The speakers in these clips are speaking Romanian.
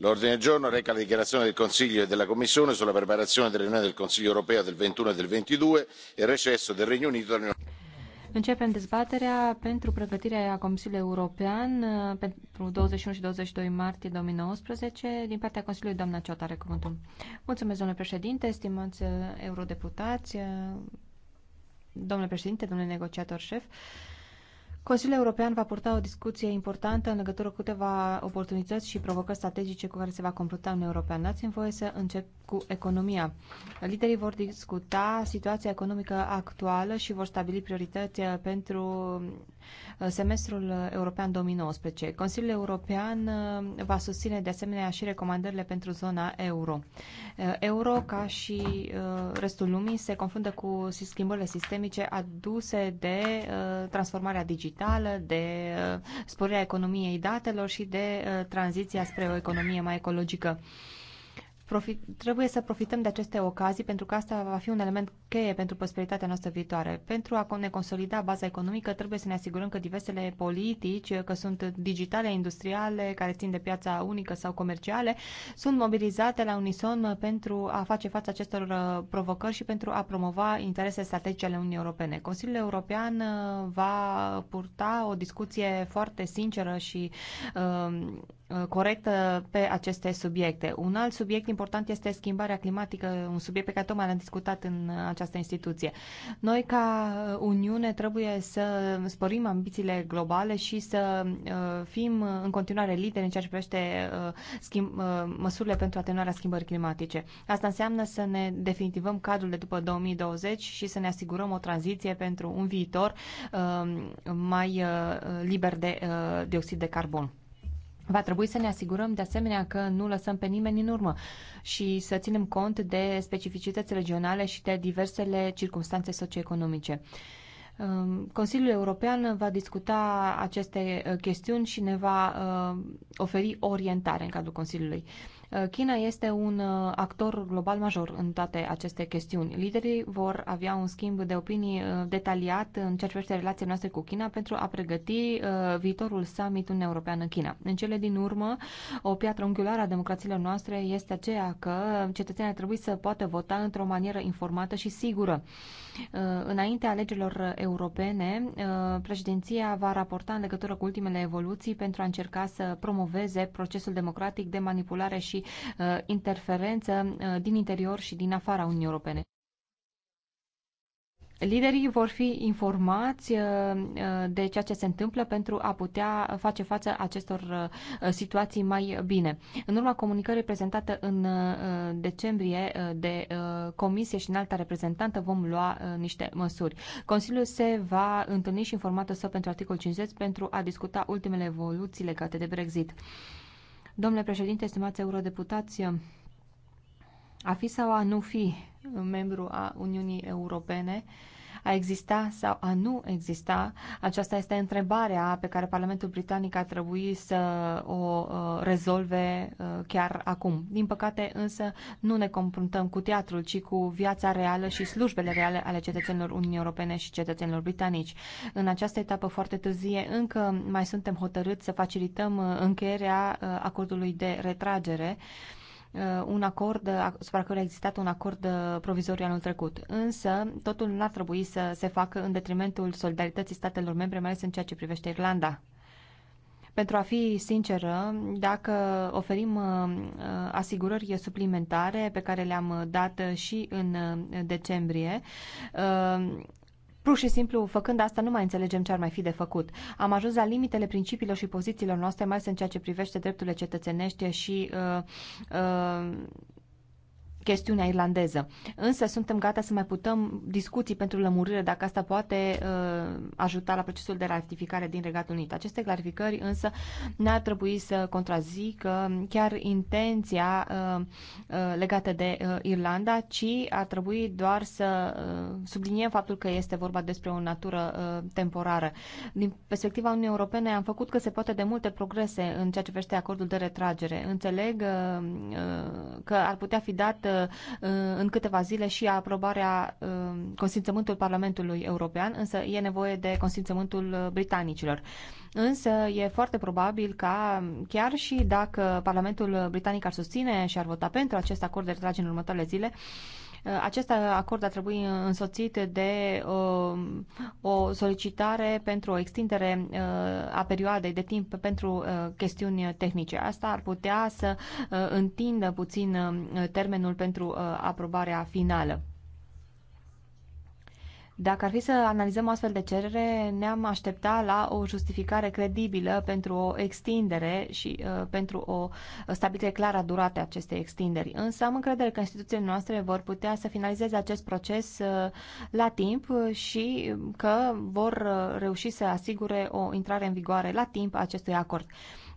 l'ordine del giorno reca le dichiarazioni del consiglio e della commissione sulla preparazione delle riunioni del consiglio europeo del ventiuno e del ventidue e il recesso del regno unito dall'unione. Începem dezbaterea pentru pregătirea Consiliului European uh, pentru 21 și 22 martie 2019 din partea Consiliului. Doamna Ciot are cuvântul. Mulțumesc, domnule președinte, stimați uh, eurodeputați, uh, domnule președinte, domnule negociator șef. Uh, Consiliul European va purta o discuție importantă în legătură cu câteva oportunități și provocări strategice cu care se va confrunta Uniunea Europeană. Dați-mi voie să încep cu economia. Liderii vor discuta situația economică actuală și vor stabili priorități eh, pentru Uh, semestrul uh, european 2019. Consiliul European uh, va susține de asemenea și recomandările pentru zona euro. Euro, ca și restul lumii, se confundă cu schimbările sistemice aduse de transformarea digitală, de sporirea economiei datelor și de tranziția spre o economie mai ecologică. Profi- trebuie să profităm de aceste ocazii pentru că asta va fi un element cheie pentru prosperitatea noastră viitoare. Pentru a ne consolida baza economică, trebuie să ne asigurăm că diversele politici, că sunt digitale, industriale, care țin de piața unică sau comerciale, sunt mobilizate la unison pentru a face față acestor uh, provocări și pentru a promova interese strategice ale Uniunii Europene. Consiliul European uh, va purta o discuție foarte sinceră și um, uh, corectă pe aceste subiecte. Un alt subiect important este schimbarea climatică, un subiect pe care tocmai l-am discutat în acest această instituție. Noi, ca uh, Uniune, trebuie să sporim ambițiile globale și să uh, fim în continuare lideri în ceea ce privește uh, schimb, măsurile pentru atenuarea schimbării climatice. Asta înseamnă să ne definitivăm cadrul de după 2020 și să ne asigurăm o tranziție pentru un viitor mai liber de dioxid de carbon. Va trebui să ne asigurăm de asemenea că nu lăsăm pe nimeni în urmă și să ținem cont de specificități regionale și de diversele circunstanțe socioeconomice. Um, Consiliul European va discuta aceste uh, chestiuni și ne va uh, oferi orientare în cadrul Consiliului. Uh, China este un uh, actor global major în toate aceste chestiuni. Liderii vor avea un schimb de opinii uh, detaliat în ceea ce privește relația noastră cu China pentru a pregăti viitorul summit Uniunea Europeană-China. În cele din urmă, o piatră unghiulară a democrațiilor noastre este aceea că cetățenii ar trebui să poată vota într-o manieră informată și sigură. Uh, înainte alegerilor europene, uh, președinția va raporta în legătură cu ultimele evoluții pentru a încerca să promoveze procesul democratic de manipulare și uh, interferență din interior și din afara Uniunii Europene. Liderii vor fi informați uh, uh, de ceea ce se întâmplă pentru a putea face față acestor uh, situații mai bine. În urma comunicării prezentată în decembrie de comisie și în alta reprezentantă vom lua niște măsuri. Consiliul se va întâlni și informată său pentru articol 50 pentru a discuta ultimele evoluții legate de Brexit. Domnule președinte, stimați eurodeputați, a fi sau a nu fi membru a Uniunii Europene, a exista sau a nu exista? Aceasta este întrebarea pe care Parlamentul Britanic ar trebui să o uh, rezolve uh, chiar acum. Din păcate, însă, nu ne confruntăm cu teatrul, ci cu viața reală și slujbele reale ale cetățenilor Uniunii Europene și cetățenilor britanici. În această etapă foarte târzie, încă mai suntem hotărâți să facilităm uh, încheierea acordului de retragere Uh, un acord uh, asupra care a existat un acord uh, provizoriu anul trecut. Însă, totul nu ar trebui să se facă în detrimentul solidarității statelor membre, mai ales în ceea ce privește Irlanda. Pentru a fi sinceră, dacă oferim asigurări suplimentare pe care le-am dat și în decembrie, Pur și simplu, făcând asta, nu mai înțelegem ce ar mai fi de făcut. Am ajuns la limitele principiilor și pozițiilor noastre, mai ales în ceea ce privește drepturile cetățenești și uh, uh, chestiunea irlandeză. Însă suntem gata să mai putăm discuții pentru lămurire dacă asta poate uh, ajuta la procesul de ratificare din Regatul Unit. Aceste clarificări însă n-ar trebui să contrazică chiar intenția uh, uh, legată de uh, Irlanda, ci ar trebui doar să uh, subliniem faptul că este vorba despre o natură uh, temporară. Din perspectiva Uniunii Europene am făcut că se poate de multe progrese în ceea ce privește acordul de retragere. Înțeleg uh, uh, că ar putea fi dat Uh, în câteva zile și aprobarea uh, consimțământul Parlamentului European, însă e nevoie de consimțământul uh, britanicilor. Însă e foarte probabil ca, chiar și dacă Parlamentul Britanic ar susține și ar vota pentru acest acord de retragere în următoarele zile, Uh, acest acord a trebui însoțit de uh, o solicitare pentru o extindere uh, a perioadei de timp pentru chestiuni tehnice. Asta ar putea să întindă puțin termenul pentru aprobarea finală. Dacă ar fi să analizăm astfel de cerere, ne-am aștepta la o justificare credibilă pentru o extindere și uh, pentru o stabilire clară a duratei acestei extinderi. Însă am încredere că instituțiile noastre vor putea să finalizeze acest proces uh, la timp și că vor uh, reuși să asigure o intrare în vigoare la timp a acestui acord.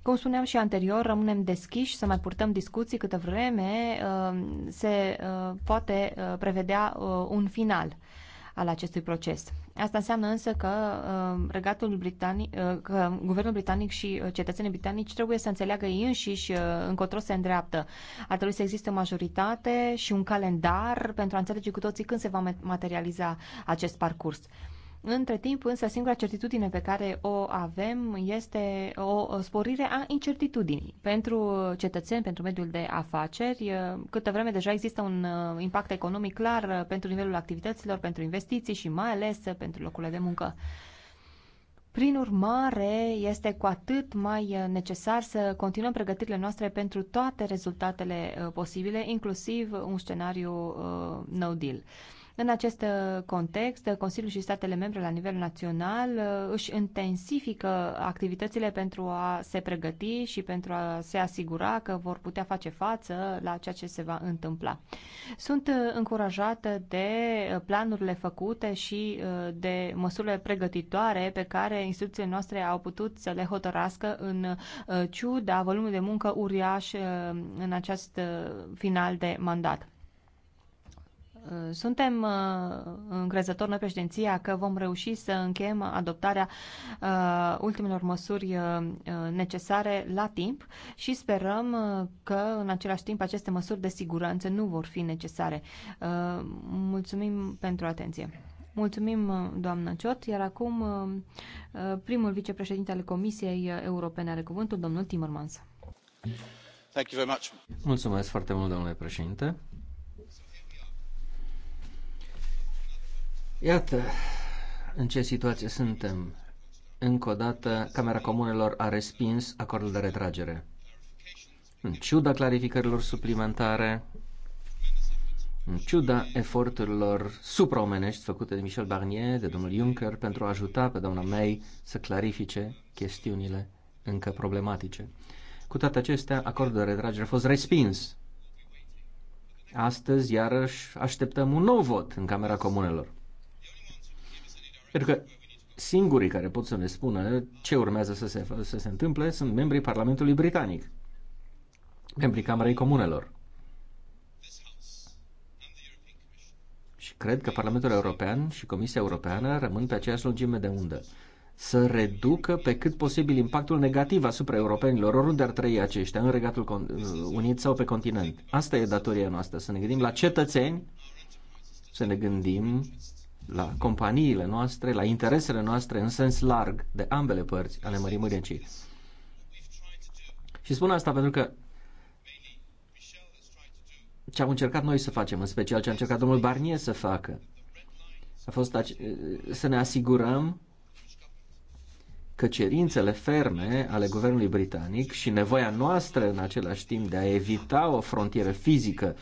Cum spuneam și anterior, rămânem deschiși să mai purtăm discuții câtă vreme uh, se uh, poate prevedea un final al acestui proces. Asta înseamnă însă că uh, regatul britanic, uh, că guvernul britanic și uh, cetățenii britanici trebuie să înțeleagă ei înșiși încotro se îndreaptă. Ar trebui să existe o majoritate și un calendar pentru a înțelege cu toții când se va materializa acest parcurs. Între timp, însă, singura certitudine pe care o avem este o sporire a incertitudinii. Pentru cetățeni, pentru mediul de afaceri, câtă vreme deja există un uh, impact economic clar uh, pentru nivelul activităților, pentru investiții și mai ales uh, pentru locurile de muncă. Prin urmare, este cu atât mai necesar să continuăm pregătirile noastre pentru toate rezultatele posibile, inclusiv un scenariu no deal. În acest uh, context, Consiliul și statele membre la nivel național uh, își intensifică activitățile pentru a se pregăti și pentru a se asigura că vor putea face față la ceea ce se va întâmpla. Sunt uh, încurajată de planurile făcute și de măsurile pregătitoare pe care instituțiile noastre au putut să le hotărască în ciuda volumului de muncă uriaș în acest final de mandat. Uh, suntem uh, încrezători noi președinția că vom reuși să încheiem adoptarea uh, ultimelor măsuri necesare la timp și sperăm că în același timp aceste măsuri de siguranță nu vor fi necesare. Mulțumim pentru atenție. Mulțumim, doamnă Ciot, iar acum primul vicepreședinte al Comisiei Europene are cuvântul, domnul Timmermans. Mulțumesc foarte mult, domnule președinte. Iată în ce situație suntem. Încă o dată, Camera Comunelor a respins acordul de retragere. În ciuda clarificărilor suplimentare, în ciuda eforturilor supraomenești făcute de Michel Barnier, de domnul Juncker, pentru a ajuta pe doamna May să clarifice chestiunile încă problematice. Cu toate acestea, acordul de retragere a fost respins. Astăzi, iarăși, așteptăm un nou vot în Camera Comunelor. Pentru că singurii care pot să ne spună ce urmează să se, să se întâmple sunt membrii Parlamentului Britanic, membrii Camerei Comunelor. Și cred că Parlamentul European și Comisia Europeană rămân pe aceeași lungime de undă. Să reducă pe cât posibil impactul negativ asupra europenilor, oriunde ar trăi aceștia, în Regatul Unit sau pe continent. Asta e datoria noastră, să ne gândim la cetățeni, să ne gândim la companiile noastre, la interesele noastre în sens larg de ambele părți ale Mării Mărincii. Și spun asta pentru că ce am încercat noi să facem, în special ce a încercat domnul Barnier să facă, a fost să ne asigurăm că cerințele ferme ale guvernului britanic și nevoia noastră în același timp de a evita o frontieră fizică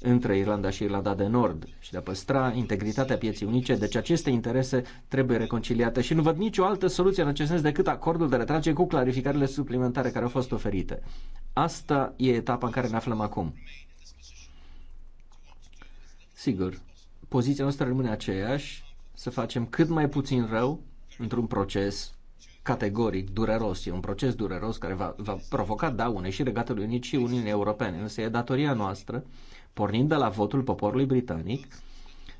între Irlanda și Irlanda de Nord și de a păstra integritatea pieții unice, deci aceste interese trebuie reconciliate și nu văd nicio altă soluție în acest sens decât acordul de retragere cu clarificările suplimentare care au fost oferite. Asta e etapa în care ne aflăm acum. Sigur, poziția noastră rămâne aceeași, să facem cât mai puțin rău într-un proces categoric dureros. E un proces dureros care va, va provoca daune și Regatului unii și Uniunii Europene. Însă e datoria noastră pornind de la votul poporului britanic,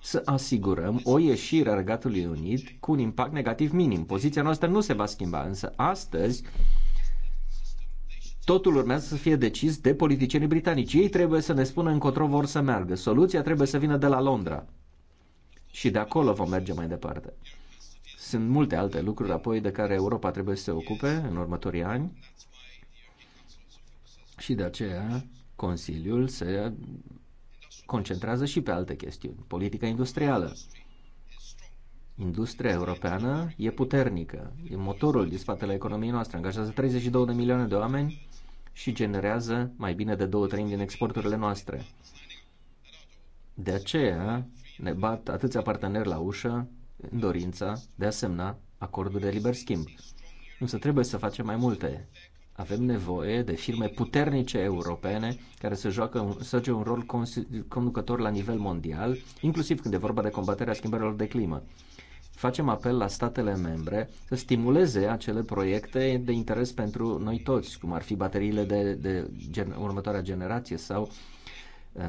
să asigurăm o ieșire a Regatului Unit cu un impact negativ minim. Poziția noastră nu se va schimba, însă astăzi totul urmează să fie decis de politicienii britanici. Ei trebuie să ne spună încotro vor să meargă. Soluția trebuie să vină de la Londra. Și de acolo vom merge mai departe. Sunt multe alte lucruri apoi de care Europa trebuie să se ocupe în următorii ani și de aceea Consiliul se concentrează și pe alte chestiuni. Politica industrială. Industria europeană e puternică, e motorul din spatele economiei noastre, angajează 32 de milioane de oameni și generează mai bine de două treimi din exporturile noastre. De aceea ne bat atâția parteneri la ușă în dorința de a semna acordul de liber schimb. Însă trebuie să facem mai multe. Avem nevoie de firme puternice europene care să, joacă, să joace un rol conducător la nivel mondial, inclusiv când e vorba de combaterea schimbărilor de climă. Facem apel la statele membre să stimuleze acele proiecte de interes pentru noi toți, cum ar fi bateriile de, de gen, următoarea generație sau uh,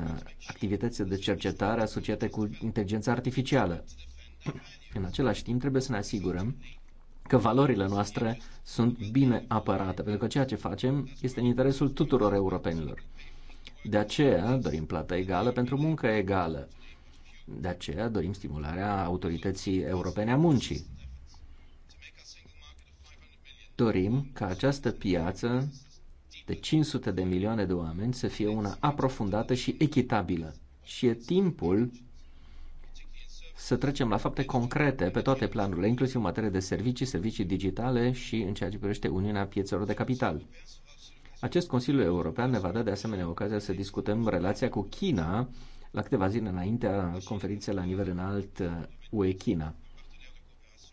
activitățile de cercetare asociate cu inteligența artificială. În același timp, trebuie să ne asigurăm că valorile noastre sunt bine apărate, pentru că ceea ce facem este în interesul tuturor europenilor. De aceea dorim plată egală pentru muncă egală. De aceea dorim stimularea autorității europene a muncii. Dorim ca această piață de 500 de milioane de oameni să fie una aprofundată și echitabilă. Și e timpul să trecem la fapte concrete pe toate planurile, inclusiv în materie de servicii, servicii digitale și în ceea ce privește Uniunea Piețelor de Capital. Acest Consiliu European ne va da de asemenea ocazia să discutăm relația cu China la câteva zile înaintea conferinței la nivel înalt uh, UE-China.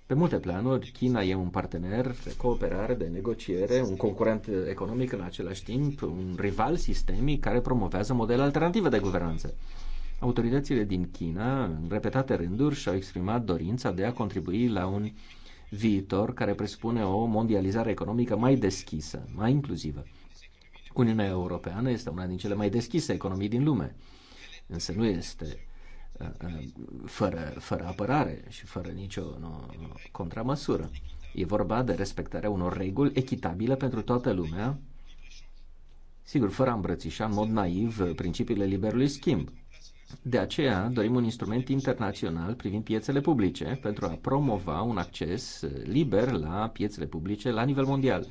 Pe multe planuri, China e un partener de cooperare, de negociere, un concurent economic în același timp, un rival sistemic care promovează modele alternative de guvernanță. Autoritățile din China, în repetate rânduri, și-au exprimat dorința de a contribui la un viitor care presupune o mondializare economică mai deschisă, mai inclusivă. Uniunea Europeană este una din cele mai deschise economii din lume, însă nu este uh, uh, fără, fără apărare și fără nicio no, contramăsură. E vorba de respectarea unor reguli echitabile pentru toată lumea, sigur, fără a îmbrățișa în mod naiv uh, principiile liberului schimb. De aceea dorim un instrument internațional privind piețele publice pentru a promova un acces liber la piețele publice la nivel mondial.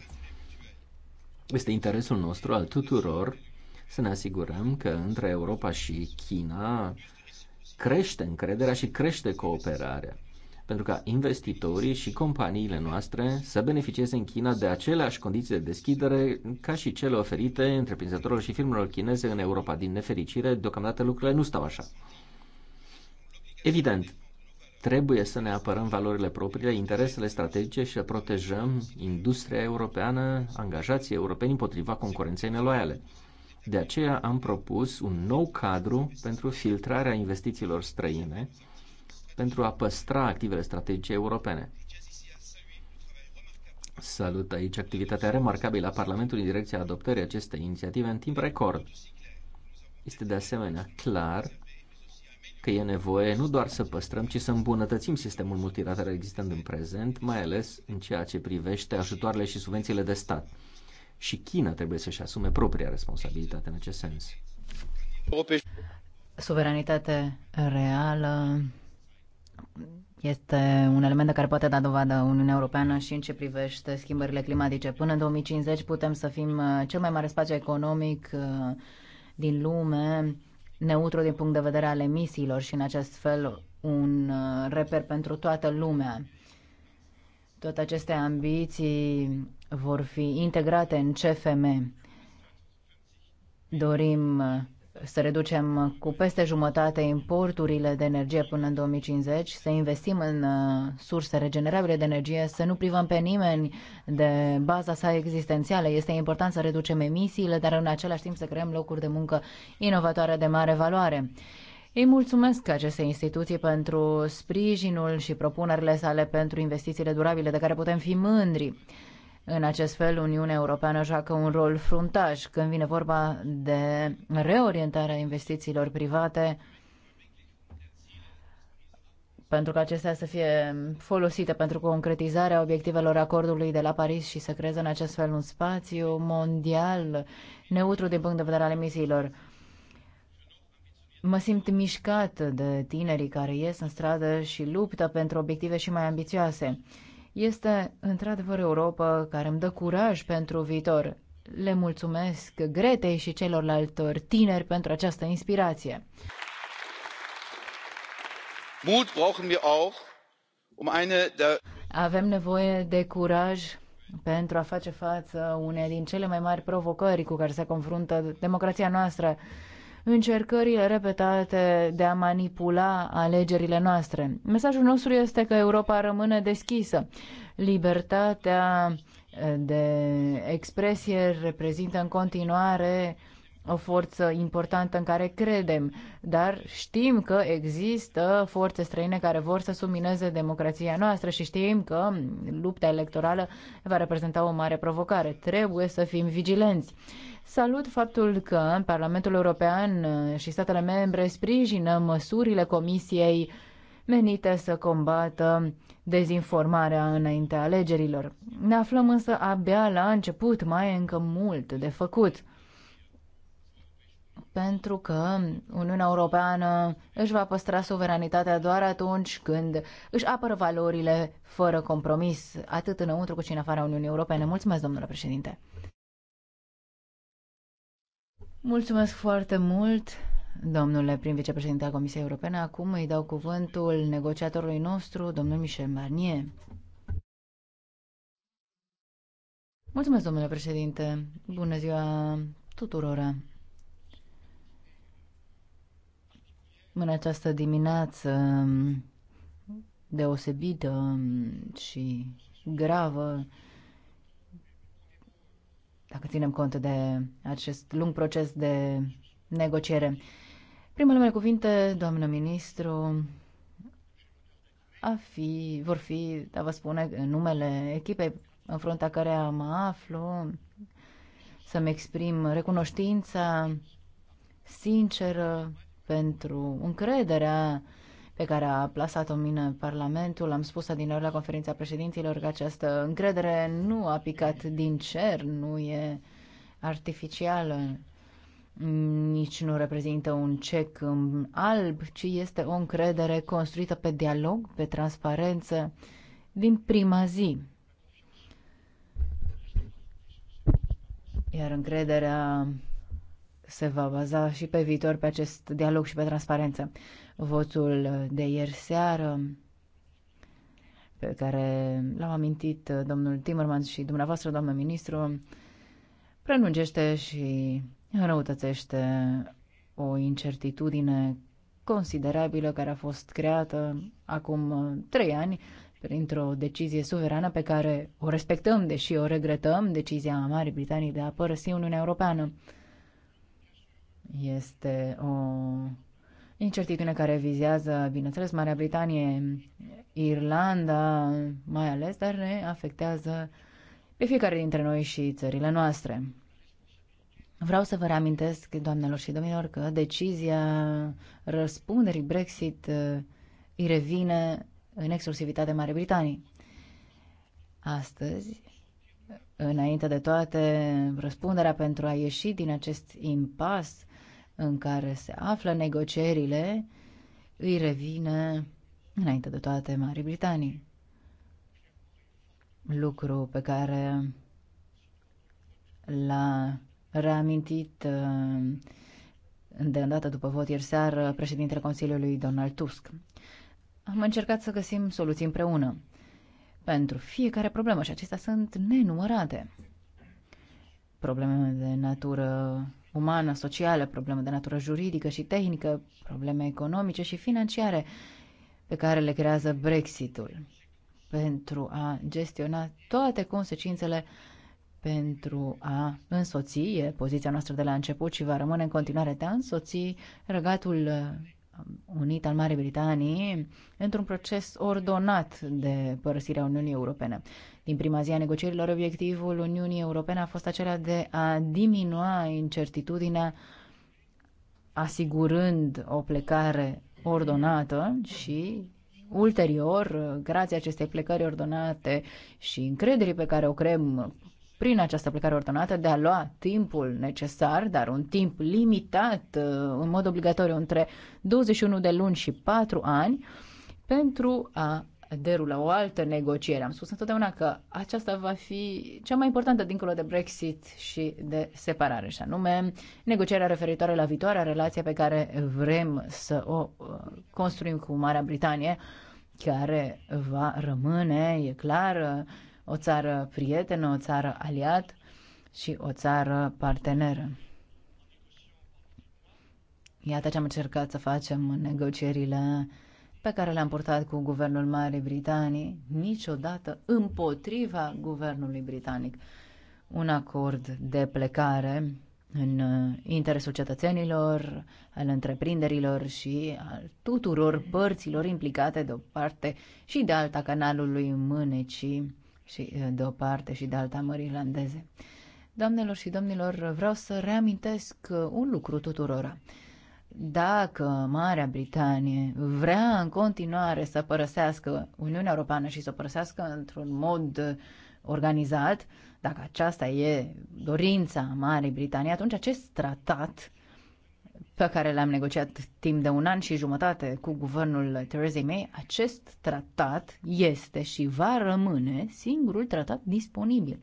Este interesul nostru al tuturor să ne asigurăm că între Europa și China crește încrederea și crește cooperarea pentru ca investitorii și companiile noastre să beneficieze în China de aceleași condiții de deschidere ca și cele oferite întreprinzătorilor și firmelor chineze în Europa. Din nefericire, deocamdată lucrurile nu stau așa. Evident, trebuie să ne apărăm valorile proprii, interesele strategice și să protejăm industria europeană, angajații europeni împotriva concurenței neloiale. De aceea am propus un nou cadru pentru filtrarea investițiilor străine, pentru a păstra activele strategice europene. Salut aici activitatea remarcabilă a Parlamentului în direcția adoptării acestei inițiative în timp record. Este de asemenea clar că e nevoie nu doar să păstrăm, ci să îmbunătățim sistemul multilateral existent în prezent, mai ales în ceea ce privește ajutoarele și subvențiile de stat. Și China trebuie să-și asume propria responsabilitate în acest sens. Suveranitate reală este un element de care poate da dovadă Uniunea Europeană și în ce privește schimbările climatice. Până în 2050 putem să fim uh, cel mai mare spațiu economic uh, din lume, neutru din punct de vedere al emisiilor și în acest fel un uh, reper pentru toată lumea. Toate aceste ambiții vor fi integrate în CFM. Dorim să reducem cu peste jumătate importurile de energie până în 2050, să investim în uh, surse regenerabile de energie, să nu privăm pe nimeni de baza sa existențială. Este important să reducem emisiile, dar în același timp să creăm locuri de muncă inovatoare de mare valoare. Îi mulțumesc acestei instituții pentru sprijinul și propunerile sale pentru investițiile durabile de care putem fi mândri. În acest fel, Uniunea Europeană joacă un rol fruntaș când vine vorba de reorientarea investițiilor private pentru că acestea să fie folosite pentru concretizarea obiectivelor acordului de la Paris și să creeze în acest fel un spațiu mondial neutru din punct de vedere al emisiilor. Mă simt mișcat de tinerii care ies în stradă și luptă pentru obiective și mai ambițioase. Este într-adevăr Europa care îmi dă curaj pentru viitor. Le mulțumesc Gretei și celorlaltor tineri pentru această inspirație. Mut brauchen wir auch, um eine der... Avem nevoie de curaj pentru a face față unei din cele mai mari provocări cu care se confruntă democrația noastră încercările repetate de a manipula alegerile noastre. Mesajul nostru este că Europa rămâne deschisă. Libertatea de expresie reprezintă în continuare o forță importantă în care credem, dar știm că există forțe străine care vor să submineze democrația noastră și știm că lupta electorală va reprezenta o mare provocare. Trebuie să fim vigilenți. Salut faptul că Parlamentul European și statele membre sprijină măsurile Comisiei menite să combată dezinformarea înaintea alegerilor. Ne aflăm însă abia la început, mai e încă mult de făcut pentru că Uniunea Europeană își va păstra suveranitatea doar atunci când își apără valorile fără compromis, atât înăuntru cât și în afara Uniunii Europene. Mulțumesc, domnule președinte! Mulțumesc foarte mult, domnule prim vicepreședinte al Comisiei Europene. Acum îi dau cuvântul negociatorului nostru, domnul Michel Barnier. Mulțumesc, domnule președinte! Bună ziua tuturora! În această dimineață um, deosebită um, și gravă, dacă ținem cont de acest lung proces de negociere. Primele mele cuvinte, doamnă ministru, a fi, vor fi, da vă spune, numele echipei în fruntea care mă aflu, să-mi exprim recunoștința sinceră pentru încrederea pe care a plasat-o mine Parlamentul. Am spus adineori la conferința președinților că această încredere nu a picat din cer, nu e artificială, nici nu reprezintă un cec în alb, ci este o încredere construită pe dialog, pe transparență, din prima zi. Iar încrederea se va baza și pe viitor pe acest dialog și pe transparență. Votul de ieri seară pe care l-au amintit domnul Timmermans și dumneavoastră, doamnă ministru, prelungește și înrăutățește o incertitudine considerabilă care a fost creată acum trei ani printr-o decizie suverană pe care o respectăm, deși o regretăm, decizia Marii Britanii de a părăsi Uniunea Europeană. Este o incertitudine care vizează, bineînțeles, Marea Britanie, Irlanda, mai ales, dar ne afectează pe fiecare dintre noi și țările noastre. Vreau să vă reamintesc, doamnelor și domnilor, că decizia răspunderii Brexit uh, îi revine în exclusivitate Marii Britanii. Astăzi, înainte de toate, răspunderea pentru a ieși din acest impas în care se află negocierile îi revine înainte de toate Marii Britanii. Lucru pe care l-a reamintit uh, de îndată după vot ieri seară președintele Consiliului Donald Tusk. Am încercat să găsim soluții împreună pentru fiecare problemă și acestea sunt nenumărate probleme de natură umană, socială, probleme de natură juridică și tehnică, probleme economice și financiare pe care le creează Brexitul pentru a gestiona toate consecințele pentru a însoți, e poziția noastră de la început și va rămâne în continuare de a însoți regatul Unit al Marii Britanii într-un proces ordonat de părăsirea Uniunii Europene. Din prima zi a negocierilor, obiectivul Uniunii Europene a fost acela de a diminua incertitudinea asigurând o plecare ordonată și ulterior, grație acestei plecări ordonate și încrederii pe care o creăm prin această aplicare ordonată de a lua timpul necesar, dar un timp limitat, uh, în mod obligatoriu, între 21 de luni și 4 ani, pentru a derula o altă negociere. Am spus întotdeauna că aceasta va fi cea mai importantă dincolo de Brexit și de separare, și anume negocierea referitoare la viitoarea relație pe care vrem să o uh, construim cu Marea Britanie, care va rămâne, e clar, o țară prietenă, o țară aliat și o țară parteneră. Iată ce am încercat să facem în negocierile pe care le-am purtat cu guvernul Marii Britanii, niciodată împotriva guvernului britanic. Un acord de plecare în interesul cetățenilor, al întreprinderilor și al tuturor părților implicate de o parte și de alta canalului mânecii și de o parte și de alta mării irlandeze. Doamnelor și domnilor, vreau să reamintesc un lucru tuturora. Dacă Marea Britanie vrea în continuare să părăsească Uniunea Europeană și să părăsească într-un mod organizat, dacă aceasta e dorința Marii Britanii, atunci acest tratat pe care l am negociat timp de un an și jumătate cu guvernul Theresa May, acest tratat este și va rămâne singurul tratat disponibil.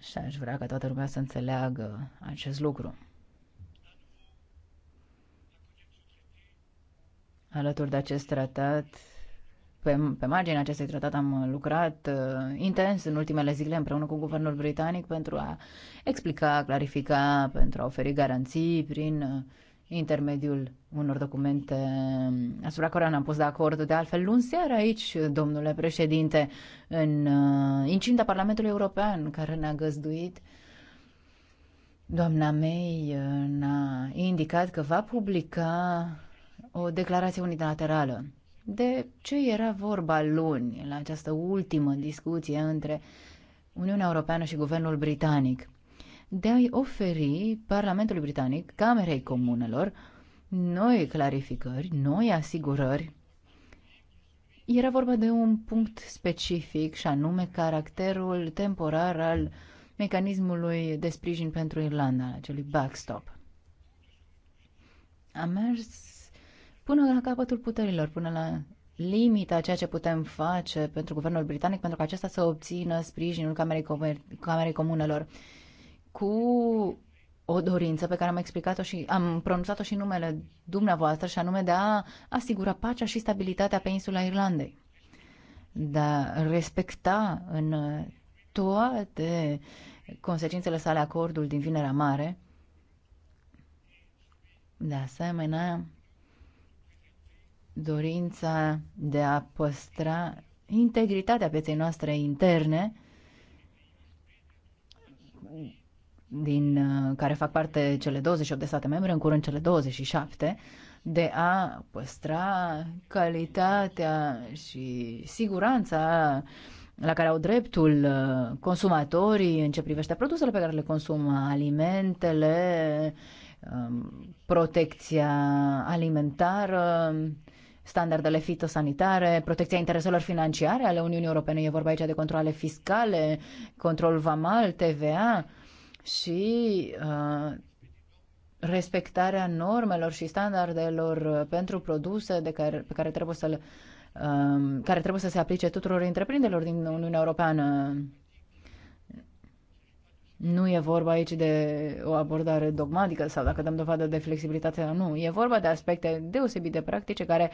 Și aș vrea ca toată lumea să înțeleagă acest lucru. Alături de acest tratat pe, pe marginea acestui tratat am lucrat uh, intens în ultimele zile împreună cu guvernul britanic pentru a explica, clarifica, pentru a oferi garanții prin uh, intermediul unor documente um, asupra care ne-am pus de acord. De altfel, luni seara aici, domnule președinte, în uh, incinta Parlamentului European care ne-a găzduit Doamna May uh, ne-a indicat că va publica o declarație unilaterală de ce era vorba luni la această ultimă discuție între Uniunea Europeană și Guvernul Britanic. De a-i oferi Parlamentului Britanic, Camerei Comunelor, noi clarificări, noi asigurări. Era vorba de un punct specific și anume caracterul temporar al mecanismului de sprijin pentru Irlanda, acelui backstop. A mers până la capătul puterilor, până la limita ceea ce putem face pentru guvernul britanic pentru că acesta să obțină sprijinul Camerei, Comer- Camerei Comunelor cu o dorință pe care am explicat-o și am pronunțat-o și numele dumneavoastră și anume de a asigura pacea și stabilitatea pe insula Irlandei. De a respecta în toate consecințele sale acordul din Vinerea Mare. De asemenea, dorința de a păstra integritatea pieței noastre interne, din uh, care fac parte cele 28 de state membre, în curând cele 27, de a păstra calitatea și siguranța la care au dreptul uh, consumatorii în ce privește produsele pe care le consumă, alimentele, um, protecția alimentară, standardele fitosanitare, protecția intereselor financiare ale Uniunii Europene, e vorba aici de controle fiscale, control vamal, TVA și uh, respectarea normelor și standardelor pentru produse de care, pe care trebuie să le, um, care trebuie să se aplice tuturor întreprinderilor din Uniunea Europeană nu e vorba aici de o abordare dogmatică sau dacă dăm dovadă de flexibilitate sau nu. E vorba de aspecte deosebit de practice care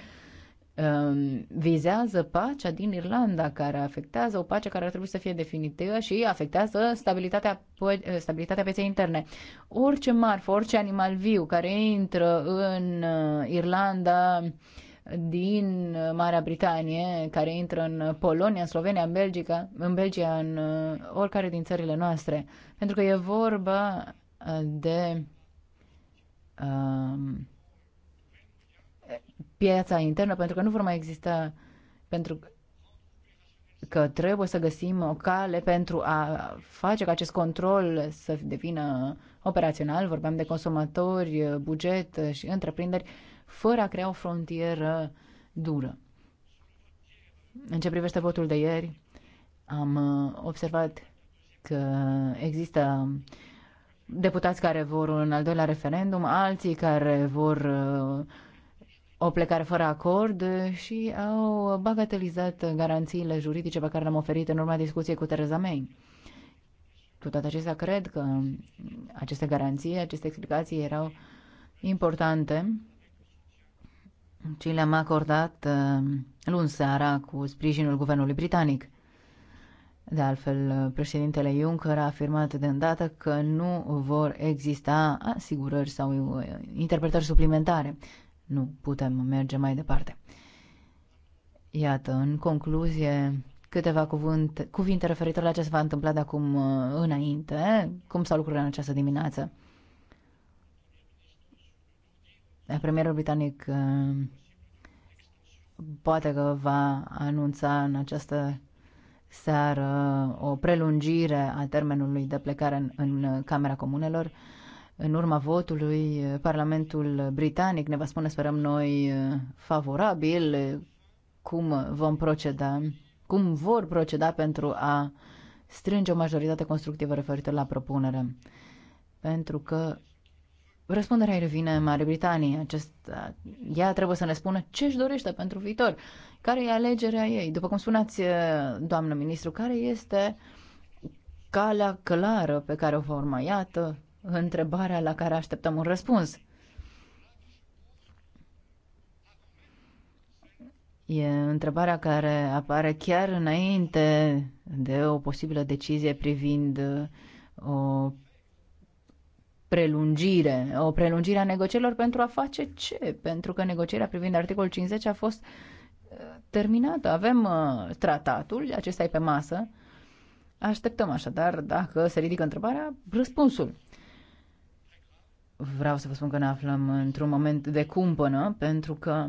um, vizează pacea din Irlanda, care afectează o pace care ar trebui să fie definitivă și afectează stabilitatea, stabilitatea pieței interne. Orice marfă, orice animal viu care intră în uh, Irlanda din Marea Britanie, care intră în Polonia, în Slovenia, în Belgica, în Belgia, în uh, oricare din țările noastre, pentru că e vorba uh, de uh, piața internă, pentru că nu vor mai exista, pentru că trebuie să găsim o cale pentru a face ca acest control să devină operațional. Vorbeam de consumatori, buget și întreprinderi, fără a crea o frontieră dură. În ce privește votul de ieri, am uh, observat că există deputați care vor un al doilea referendum, alții care vor uh, o plecare fără acord și au bagatelizat garanțiile juridice pe care le-am oferit în urma discuției cu Tereza May. Cu toate acestea, cred că aceste garanții, aceste explicații erau importante și le-am acordat uh, luni seara cu sprijinul guvernului britanic. De altfel, președintele Juncker a afirmat de îndată că nu vor exista asigurări sau uh, interpretări suplimentare. Nu putem merge mai departe. Iată, în concluzie, câteva cuvinte, cuvinte referitor la ce se va întâmpla de acum uh, înainte, cum s-au lucrurile în această dimineață. Premierul britanic uh, poate că va anunța în această seară o prelungire a termenului de plecare în, în Camera Comunelor. În urma votului, Parlamentul Britanic ne va spune, sperăm noi, favorabil cum vom proceda, cum vor proceda pentru a strânge o majoritate constructivă referitor la propunere. Pentru că răspunderea îi revine Marii Britanii. Acest, ea trebuie să ne spună ce își dorește pentru viitor. Care e alegerea ei? După cum spuneați, eh, doamnă ministru, care este calea clară pe care o vor mai Iată întrebarea la care așteptăm un răspuns. E întrebarea care apare chiar înainte de o posibilă decizie privind eh, o prelungire, o prelungire a negocierilor pentru a face ce? Pentru că negocierea privind articolul 50 a fost uh, terminată. Avem uh, tratatul, acesta e pe masă. Așteptăm așadar, dacă se ridică întrebarea, răspunsul. Vreau să vă spun că ne aflăm într-un moment de cumpănă, pentru că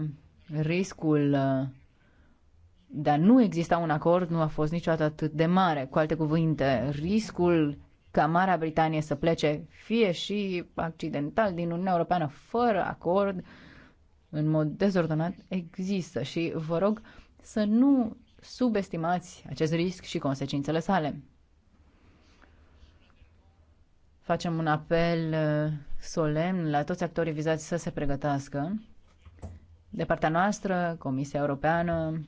riscul uh, de a nu exista un acord nu a fost niciodată atât de mare. Cu alte cuvinte, riscul ca Marea Britanie să plece fie și accidental din Uniunea Europeană fără acord în mod dezordonat există și vă rog să nu subestimați acest risc și consecințele sale. Facem un apel uh, solemn la toți actorii vizați să se pregătească. De partea noastră, Comisia Europeană,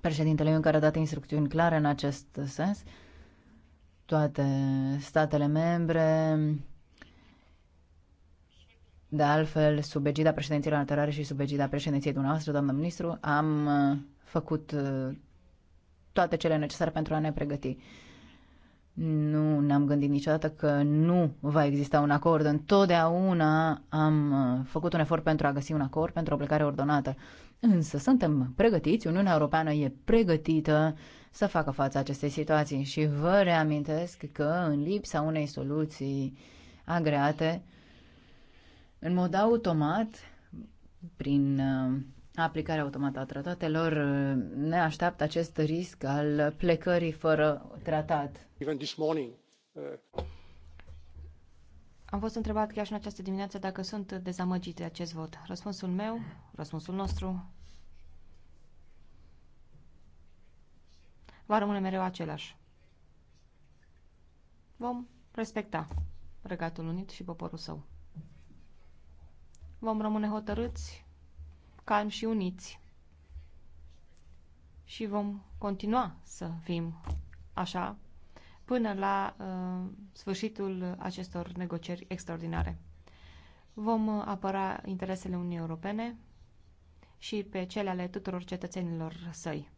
președintele Juncker a dat instrucțiuni clare în acest sens. Toate statele membre, de altfel, sub egida președinției alterare și sub egida președinției dumneavoastră, doamnă ministru, am uh, făcut uh, toate cele necesare pentru a ne pregăti. Nu ne-am gândit niciodată că nu va exista un acord. Întotdeauna am uh, făcut un efort pentru a găsi un acord, pentru o plecare ordonată. Însă suntem pregătiți, Uniunea Europeană e pregătită să facă față acestei situații și vă reamintesc că în lipsa unei soluții agreate, în mod automat, prin uh, aplicarea automată a tratatelor, uh, ne așteaptă acest risc al plecării fără tratat. Even this morning, uh... Am fost întrebat chiar și în această dimineață dacă sunt dezamăgit de acest vot. Răspunsul meu, răspunsul nostru, va rămâne mereu același. Vom respecta Regatul Unit și poporul său vom rămâne hotărâți, calmi și uniți. Și vom continua să fim așa până la uh, sfârșitul acestor negocieri extraordinare. Vom uh, apăra interesele Uniunii Europene și pe cele ale tuturor cetățenilor săi.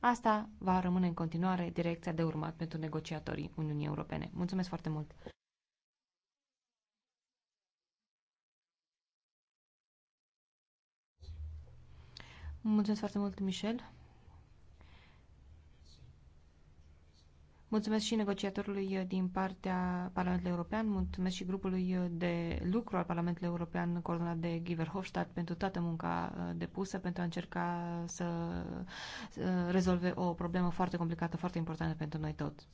Asta va rămâne în continuare direcția de urmat pentru negociatorii Uniunii Europene. Mulțumesc foarte mult! Mulțumesc foarte mult, Michel. Mulțumesc și negociatorului uh, din partea Parlamentului European, mulțumesc și grupului uh, de lucru al Parlamentului European coordonat de Giver Hofstadt pentru toată munca uh, depusă pentru a încerca să rezolve o problemă foarte complicată, foarte importantă pentru noi toți.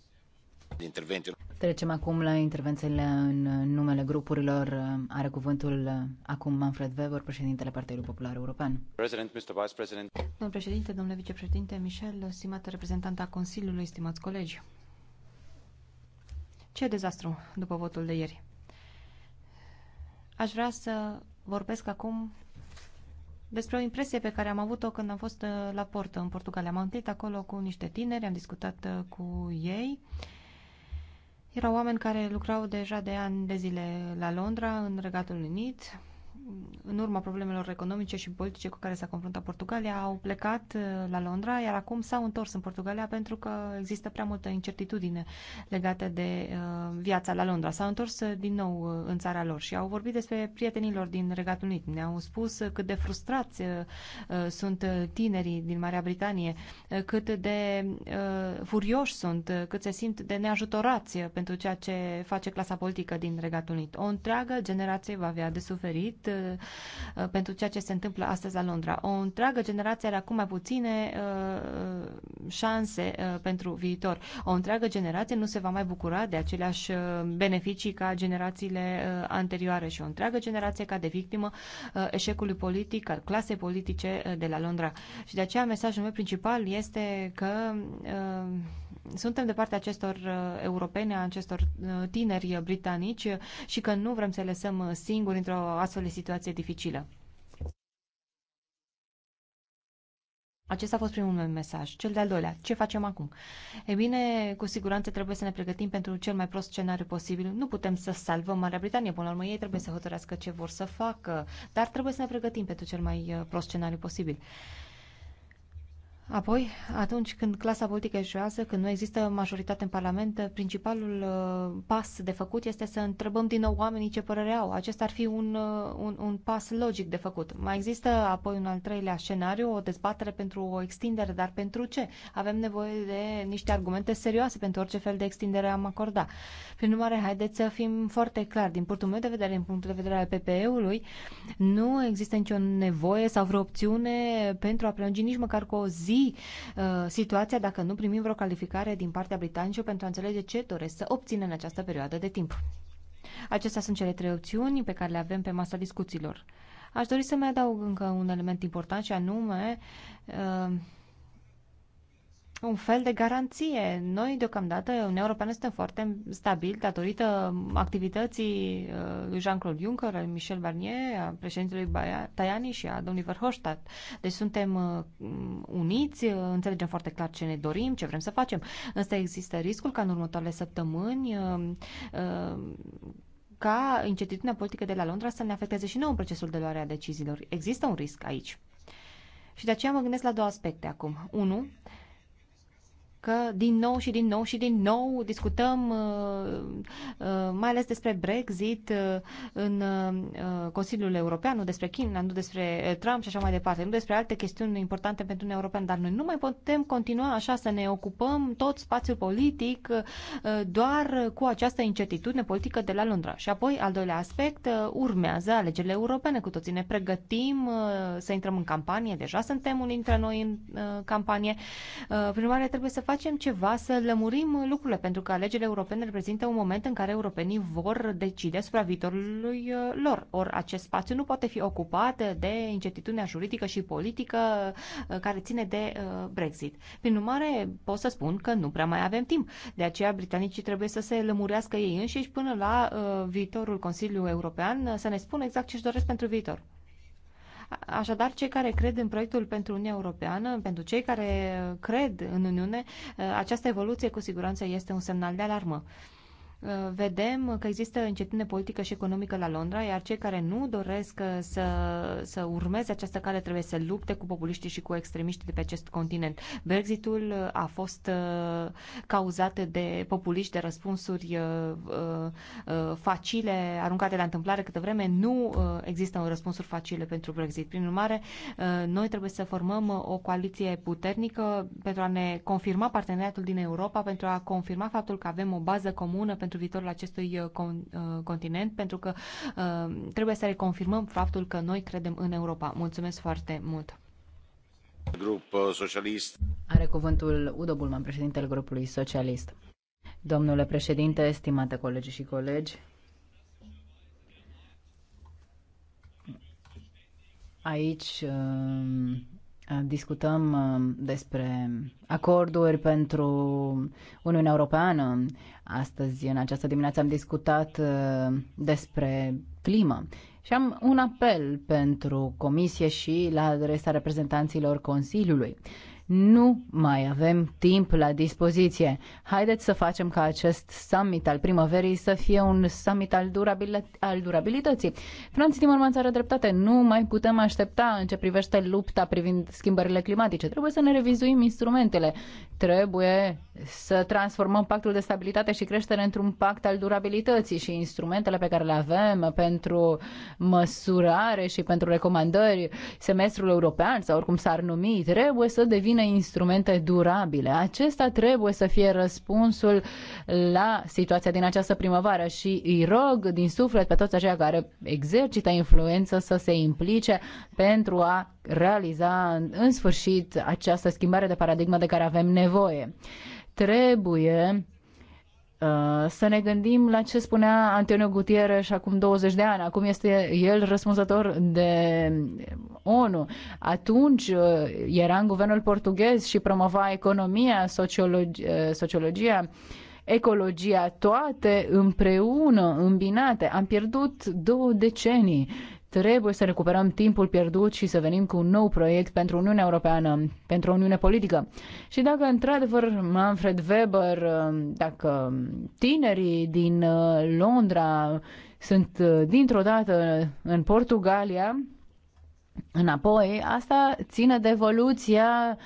Intervenții. Trecem acum la intervențiile în numele grupurilor. Are cuvântul acum Manfred Weber, președintele Partidului Popular European. President, Mr. Vice President. Domnul președinte, domnule vicepreședinte Michel, stimată reprezentanta Consiliului, stimați colegi. Ce dezastru după votul de ieri. Aș vrea să vorbesc acum despre o impresie pe care am avut-o când am fost la portă în Portugalia. M-am întâlnit acolo cu niște tineri, am discutat uh, cu ei. Uh, erau oameni care lucrau deja de ani de zile la Londra, în Regatul Unit, în urma problemelor economice și politice cu care s-a confruntat Portugalia, au plecat uh, la Londra, iar acum s-au întors în Portugalia pentru că există prea multă incertitudine legată de uh, viața la Londra. S-au întors uh, din nou în țara lor și au vorbit despre prietenilor din Regatul Unit. Ne-au spus cât de frustrați sunt tinerii din Marea Britanie, cât de furioși sunt, cât se simt de neajutorați pentru ceea ce face clasa politică din Regatul Unit. O întreagă generație va avea de suferit Uh, pentru ceea ce se întâmplă astăzi la Londra. O întreagă generație are acum mai puține uh, șanse uh, pentru viitor. O întreagă generație nu se va mai bucura de aceleași beneficii ca generațiile anterioare și o întreagă generație ca de victimă eșecului politic, al clasei politice de la Londra. Și de aceea mesajul meu principal este că suntem de partea acestor uh, europene, a acestor uh, tineri britanici și că nu vrem să le lăsăm uh, singuri într-o astfel de situație dificilă. Acesta a fost primul meu mesaj. Cel de-al doilea, ce facem acum? E bine, cu siguranță trebuie să ne pregătim pentru cel mai prost scenariu posibil. Nu putem să salvăm Marea Britanie, până la urmă ei trebuie să hotărească ce vor să facă, dar trebuie să ne pregătim pentru cel mai prost scenariu posibil. Uh, Apoi, atunci când clasa politică e joasă, când nu există majoritate în Parlament, principalul uh, pas de făcut este să întrebăm din nou oamenii ce părere au. Acesta ar fi un, uh, un, un pas logic de făcut. Mai există apoi un al treilea scenariu, o dezbatere pentru o extindere, dar pentru ce? Avem nevoie de niște argumente serioase pentru orice fel de extindere am acorda. Prin urmare, haideți să fim foarte clari. Din punctul meu de vedere, din punctul de vedere al PPE-ului, nu există nicio nevoie sau vreo opțiune pentru a prelungi nici măcar cu o zi uh, situația dacă nu primim vreo calificare din partea britanicilor pentru a înțelege ce doresc să obțină în această perioadă de timp. Acestea sunt cele trei opțiuni pe care le avem pe masa discuțiilor. Aș dori să mai adaug încă un element important și anume uh, un fel de garanție. Noi, deocamdată, Uniunea Europeană suntem foarte stabil datorită activității uh, lui Jean-Claude Juncker, al Michel Barnier, a președintelui Tajani și a domnului Verhofstadt. Deci suntem uh, uniți, înțelegem foarte clar ce ne dorim, ce vrem să facem. Însă există riscul ca în următoarele săptămâni uh, ca incertitudinea politică de la Londra să ne afecteze și nouă în procesul de luare a deciziilor. Există un risc aici. Și de aceea mă gândesc la două aspecte acum. Unu, că din nou și din nou și din nou discutăm uh, uh, mai ales despre Brexit uh, în Consiliul European, nu despre China, nu despre Trump și așa mai departe, nu despre alte chestiuni importante pentru Uniunea Europeană, dar noi nu mai putem continua așa să ne ocupăm tot spațiul politic doar cu această incertitudine politică de la Londra. Și apoi, al doilea aspect, urmează alegerile europene. Cu toții ne pregătim să intrăm în campanie, deja suntem unii dintre noi în campanie. Prin urmare, trebuie să facem facem ceva, să lămurim lucrurile, pentru că alegerile europene reprezintă un moment în care europenii vor decide asupra viitorului uh, lor. Ori acest spațiu nu poate fi ocupat de incertitudinea juridică și politică uh, care ține de uh, Brexit. Prin urmare, pot să spun că nu prea mai avem timp. De aceea, britanicii trebuie să se lămurească ei înșiși până la viitorul Consiliu European să ne spună exact ce își doresc pentru viitor. Așadar, cei care cred în proiectul pentru Uniunea Europeană, pentru cei care cred în Uniune, această evoluție cu siguranță este un semnal de alarmă. Uh, vedem că există încetine politică și economică la Londra, iar cei care nu doresc uh, să, să urmeze această cale trebuie să lupte cu populiștii și cu extremiștii de pe acest continent. Brexitul uh, a fost cauzat de populiști, de răspunsuri facile, aruncate la întâmplare câtă vreme nu există răspunsuri facile pentru Brexit. Prin urmare, noi trebuie să formăm o coaliție puternică pentru a ne confirma parteneriatul din Europa, pentru a confirma faptul că avem o bază comună pentru pentru viitorul acestui uh, uh, continent, pentru că uh, trebuie să reconfirmăm faptul că noi credem în Europa. Mulțumesc foarte mult! Grup socialist. Are cuvântul Udo Bulman, președintele grupului socialist. Domnule președinte, stimate colegi și colegi, aici um, Eh, discutăm eh, despre acorduri pentru Uniunea Europeană. Astăzi, în această dimineață, am discutat eh, despre climă și am un apel pentru Comisie și la adresa reprezentanților Consiliului. Nu mai avem timp la dispoziție. Haideți să facem ca acest summit al primăverii să fie un summit al, durabil- al durabilității. Franz Timmermans are dreptate. Nu mai putem aștepta în ce privește lupta privind schimbările climatice. Trebuie să ne revizuim instrumentele. Trebuie să transformăm pactul de stabilitate și creștere într-un pact al durabilității și instrumentele pe care le avem pentru măsurare și pentru recomandări semestrul european sau oricum s-ar numi, trebuie să devină conține instrumente durabile. Acesta trebuie să fie răspunsul la situația din această primăvară și îi rog din suflet pe toți aceia care exercită influență să se implice pentru a realiza în sfârșit această schimbare de paradigmă de care avem nevoie. Trebuie Uh, să ne gândim la ce spunea Antonio Gutierrez acum 20 de ani. Acum este el răspunzător de ONU. Atunci uh, era în guvernul portughez și promova economia, sociologia, uh, sociologia ecologia, toate împreună, îmbinate. Am pierdut două decenii Trebuie să recuperăm timpul pierdut și să venim cu un nou proiect pentru Uniunea Europeană, pentru Uniunea Uniune politică. Și dacă într-adevăr Manfred Weber, uh, dacă tinerii din uh, Londra sunt uh, dintr-o dată în Portugalia, înapoi, asta ține de evoluția uh,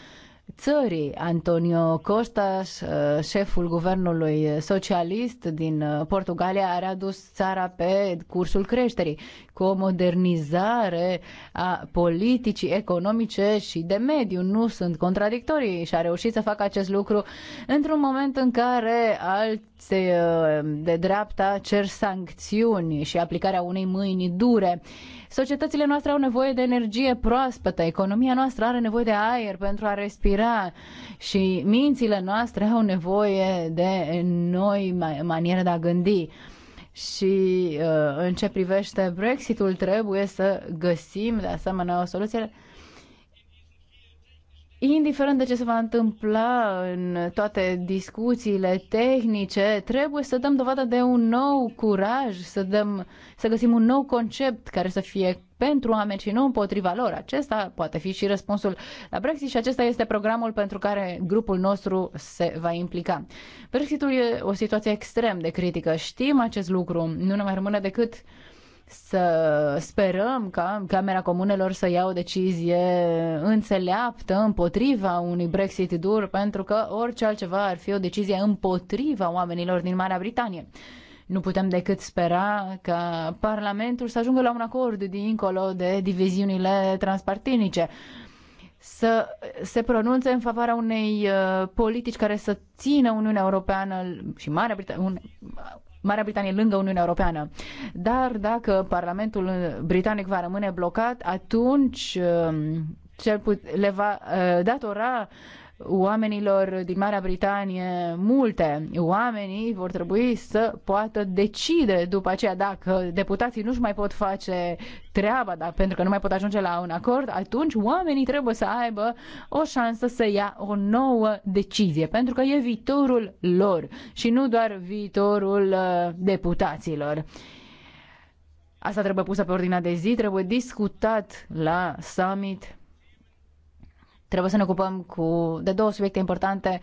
țării. Antonio Costas, uh, șeful guvernului socialist din uh, Portugalia, a adus țara pe cursul creșterii, cu o modernizare a politicii economice și de mediu. Nu sunt contradictorii și a reușit să facă acest lucru într-un moment în care alții uh, de dreapta cer sancțiuni și aplicarea unei mâini dure. Societățile noastre au nevoie de energie proaspătă, economia noastră are nevoie de aer pentru a respira și mințile noastre au nevoie de noi maniere de a gândi. Și uh, în ce privește Brexitul, trebuie să găsim de asemenea o soluție indiferent de ce se va întâmpla în toate discuțiile tehnice, trebuie să dăm dovadă de un nou curaj, să, dăm, să găsim un nou concept care să fie pentru oameni și nu împotriva lor. Acesta poate fi și răspunsul la Brexit și acesta este programul pentru care grupul nostru se va implica. Brexitul e o situație extrem de critică. Știm acest lucru. Nu ne mai rămâne decât să sperăm ca Camera Comunelor să ia o decizie înțeleaptă împotriva unui Brexit dur, pentru că orice altceva ar fi o decizie împotriva oamenilor din Marea Britanie. Nu putem decât spera ca Parlamentul să ajungă la un acord dincolo de diviziunile transpartinice să se pronunțe în favoarea unei uh, politici care să țină Uniunea Europeană și Marea Britanie, Marea Britanie lângă Uniunea Europeană. Dar dacă Parlamentul Britanic va rămâne blocat, atunci um, cel put- le va uh, datora oamenilor din Marea Britanie multe. Oamenii vor trebui să poată decide după aceea dacă deputații nu-și mai pot face treaba, dar pentru că nu mai pot ajunge la un acord, atunci oamenii trebuie să aibă o șansă să ia o nouă decizie, pentru că e viitorul lor și nu doar viitorul uh, deputaților. Asta trebuie pusă pe ordinea de zi, trebuie discutat la summit Trebuie să ne ocupăm cu, de două subiecte importante,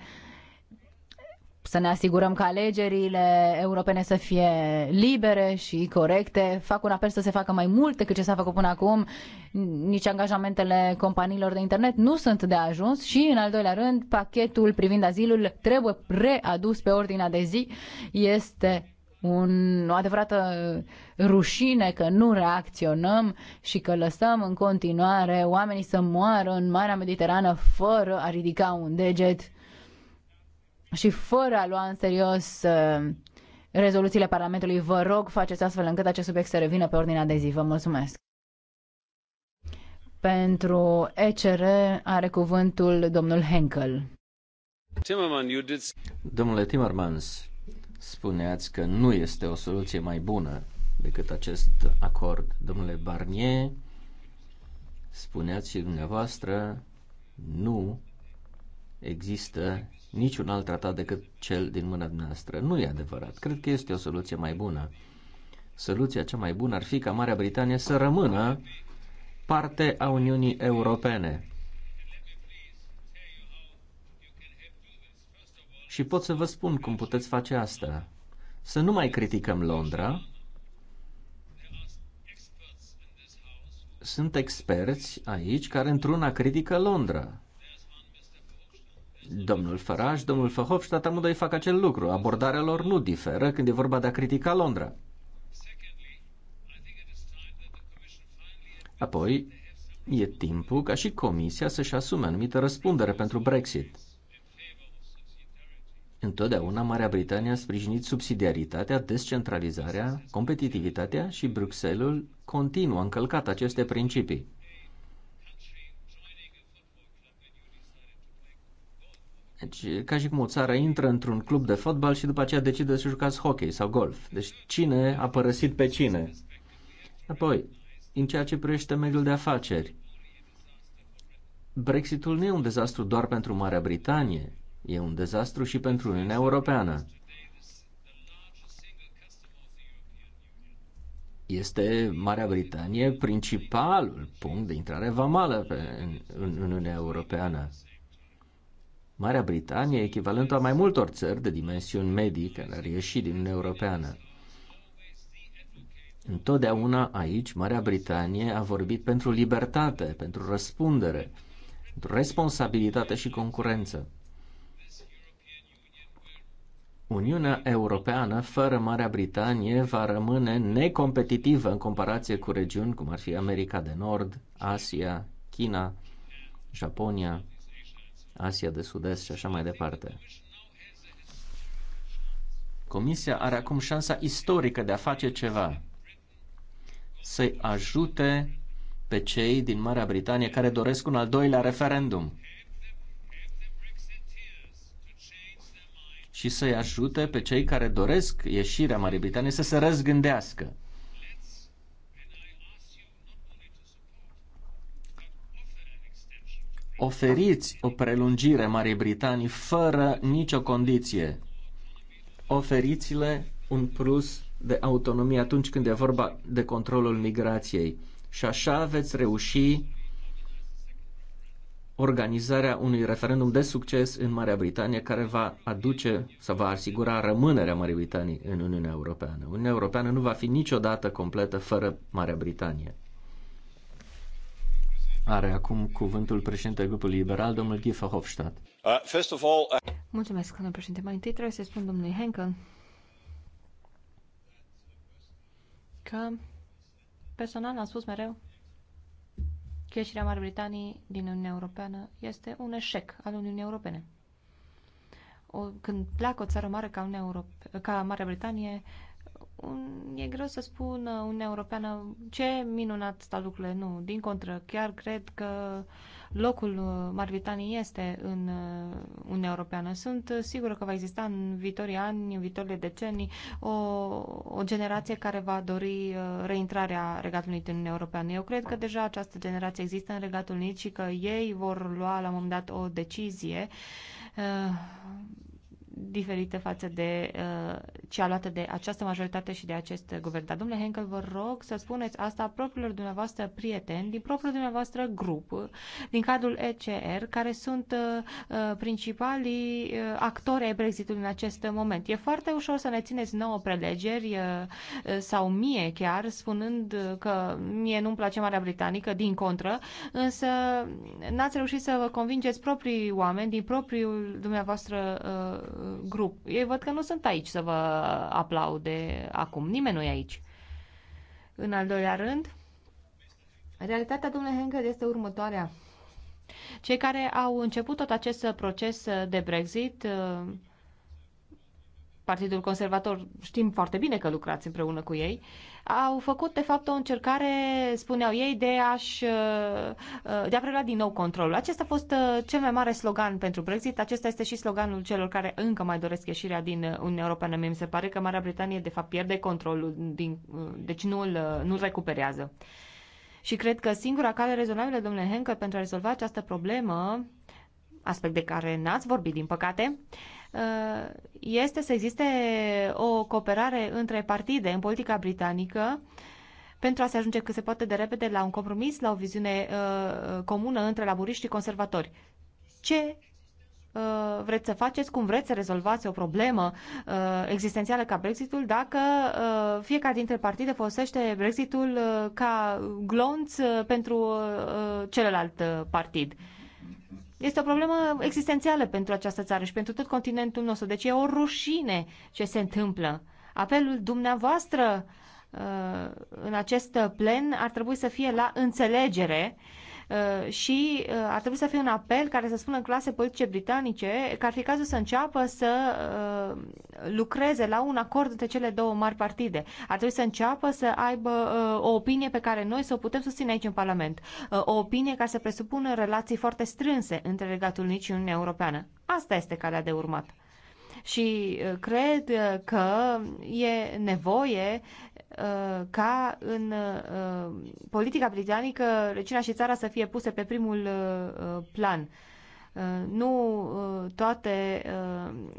să ne asigurăm că alegerile europene să fie libere și corecte. Fac un apel să se facă mai mult decât ce s-a făcut până acum. Nici angajamentele companiilor de internet nu sunt de ajuns și, în al doilea rând, pachetul privind azilul trebuie readus pe ordinea de zi. Este un, o adevărată rușine că nu reacționăm și că lăsăm în continuare oamenii să moară în Marea Mediterană fără a ridica un deget și fără a lua în serios uh, rezoluțiile Parlamentului. Vă rog, faceți astfel încât acest subiect să revină pe ordinea de zi. Vă mulțumesc! Pentru ECR are cuvântul domnul Henkel. Timmermans, you did... Domnule Timmermans, spuneați că nu este o soluție mai bună decât acest acord. Domnule Barnier, spuneați și dumneavoastră, nu există niciun alt tratat decât cel din mâna noastră. Nu e adevărat. Cred că este o soluție mai bună. Soluția cea mai bună ar fi ca Marea Britanie să rămână parte a Uniunii Europene. Și pot să vă spun cum puteți face asta. Să nu mai criticăm Londra. Sunt experți aici care într-una critică Londra. Domnul Farage, domnul Verhofstadt, amândoi fac acel lucru. Abordarea lor nu diferă când e vorba de a critica Londra. Apoi, e timpul ca și Comisia să-și asume anumită răspundere pentru Brexit. Întotdeauna Marea Britanie a sprijinit subsidiaritatea, descentralizarea, competitivitatea și Bruxelles continuă încălcat aceste principii. Deci, ca și cum o țară intră într-un club de fotbal și după aceea decide să jucați hockey sau golf. Deci, cine a părăsit pe cine? Apoi, în ceea ce privește mediul de afaceri, Brexitul nu e un dezastru doar pentru Marea Britanie, E un dezastru și pentru Uniunea Europeană. Este Marea Britanie principalul punct de intrare vamală pe, în, în Uniunea Europeană. Marea Britanie e echivalentul a mai multor țări de dimensiuni medii care ar ieși din Uniunea Europeană. Întotdeauna aici Marea Britanie a vorbit pentru libertate, pentru răspundere, pentru responsabilitate și concurență. Uniunea Europeană fără Marea Britanie va rămâne necompetitivă în comparație cu regiuni cum ar fi America de Nord, Asia, China, Japonia, Asia de Sud-Est și așa mai departe. Comisia are acum șansa istorică de a face ceva, să-i ajute pe cei din Marea Britanie care doresc un al doilea referendum. și să-i ajute pe cei care doresc ieșirea Marii Britanii să se răzgândească. Oferiți o prelungire Marii Britanii fără nicio condiție. Oferiți-le un plus de autonomie atunci când e vorba de controlul migrației. Și așa veți reuși organizarea unui referendum de succes în Marea Britanie care va aduce sau va asigura rămânerea Marii Britanii în Uniunea Europeană. Uniunea Europeană nu va fi niciodată completă fără Marea Britanie. Are acum cuvântul președintele grupului liberal, domnul Guy Verhofstadt. Uh, first of all, uh... Mulțumesc, domnule președinte. Mai întâi trebuie să spun domnului Henkel că personal am spus mereu Ieșirea Marii Britanii din Uniunea Europeană este un eșec al Uniunii Europene. O, când pleacă o țară mare ca, Uniunea Europe- ca Marea Britanie, un, e greu să spun uh, Uniunea Europeană ce minunat stau lucrurile. Nu, din contră, chiar cred că uh, locul uh, Marii Britanii este în uh, Uniunea Europeană. Sunt uh, sigură că va exista în viitorii ani, în viitorile decenii, o, o generație care va dori reintrarea Regatului Unit în Uniunea Europeană. Eu cred că deja această generație există în Regatul Unit și că ei vor lua la un moment dat o decizie diferită față de uh, cea luată de această majoritate și de acest guvern. Dar, domnule Henkel, vă rog să spuneți asta propriilor dumneavoastră prieteni, din propriul dumneavoastră grup, din cadrul ECR, care sunt uh, uh, principalii uh, actori ai Brexitului în acest moment. E foarte ușor să ne țineți nouă prelegeri uh, uh, sau mie chiar, spunând că mie nu-mi place Marea Britanică, din contră, însă n-ați reușit să vă convingeți proprii oameni din propriul dumneavoastră uh, grup. Ei văd că nu sunt aici să vă aplaude acum. Nimeni nu e aici. În al doilea rând, realitatea, domnule Henkel, este următoarea. Cei care au început tot acest proces de Brexit, Partidul Conservator, știm foarte bine că lucrați împreună cu ei, au făcut de fapt o încercare, spuneau ei, de, a-și, uh, uh, de a prelua din nou controlul. Acesta a fost uh, cel mai mare slogan pentru Brexit, acesta este și sloganul celor care încă mai doresc ieșirea din Uniunea Europeană. Mie mi se pare că Marea Britanie de fapt pierde controlul, din, deci nu-l, nu-l recuperează. Și cred că singura cale rezonabilă, domnule Henkel, pentru a rezolva această problemă, aspect de care n-ați vorbit, din păcate, uh, Uh, este să existe o cooperare între partide în politica britanică pentru a se ajunge cât se poate de repede la un compromis, la o viziune uh, comună între laburiști și conservatori. Ce uh, vreți să faceți, cum vreți să rezolvați o problemă uh, existențială ca Brexitul dacă uh, fiecare dintre partide folosește Brexitul uh, ca glonț uh, pentru uh, celălalt uh, partid. Uh, este o problemă existențială pentru această țară și pentru tot continentul nostru. Deci e o rușine ce se întâmplă. Apelul dumneavoastră uh, în acest plen ar trebui să fie la înțelegere Uh, și uh, ar trebui să fie un apel care să spună în clase politice britanice că ar fi cazul să înceapă să uh, lucreze la un acord între cele două mari partide. Ar trebui să înceapă să aibă o opinie pe care noi să o putem susține aici în Parlament. O opinie care să presupună relații foarte strânse între Regatul Unit și Uniunea Europeană. Asta este calea de urmat și cred că e nevoie Uh, ca în uh, politica britanică regina și țara să fie puse pe primul uh, plan. Nu toate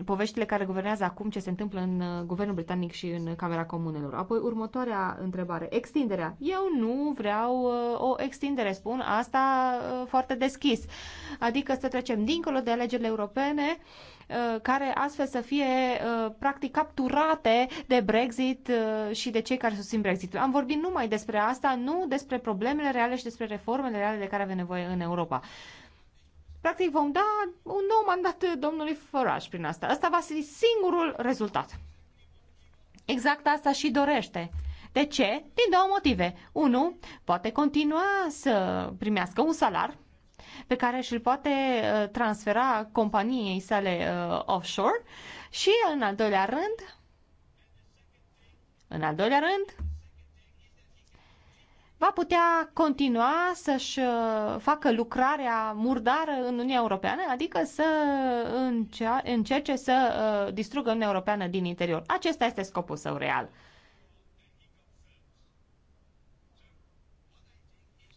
poveștile care guvernează acum ce se întâmplă în Guvernul Britanic și în Camera Comunelor. Apoi, următoarea întrebare. Extinderea. Eu nu vreau o extindere, spun asta foarte deschis. Adică să trecem dincolo de alegerile europene Uh, care astfel să fie uh, practic capturate de Brexit uh, și de cei care susțin Brexit. Am vorbit numai despre asta, nu despre problemele reale și despre reformele reale de care avem nevoie în Europa. Practic vom da un nou mandat domnului Farage prin asta. Asta va fi singurul rezultat. Exact asta și dorește. De ce? Din două motive. Unu, poate continua să primească un salar pe care și-l poate uh, transfera companiei sale uh, offshore și, în al doilea rând, în al doilea rând, va putea continua să-și uh, facă lucrarea murdară în Uniunea Europeană, adică să încerce să distrugă Uniunea Europeană din interior. Acesta este scopul său real.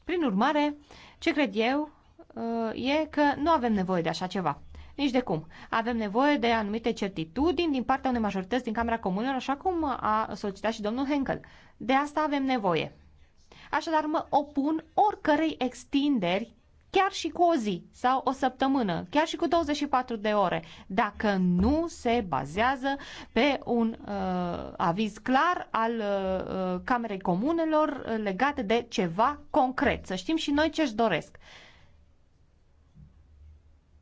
Prin urmare, ce cred eu Uh, e că nu avem nevoie de așa ceva. Nici de cum. Avem nevoie de anumite certitudini din partea unei majorități din Camera Comunelor, așa cum a solicitat și domnul Henkel. De asta avem nevoie. Așadar, mă opun oricărei extinderi chiar și cu o zi sau o săptămână, chiar și cu 24 de ore, dacă nu se bazează pe un uh, aviz clar al uh, uh Camerei Comunelor uh, legat de ceva concret. Să știm și noi ce-și doresc.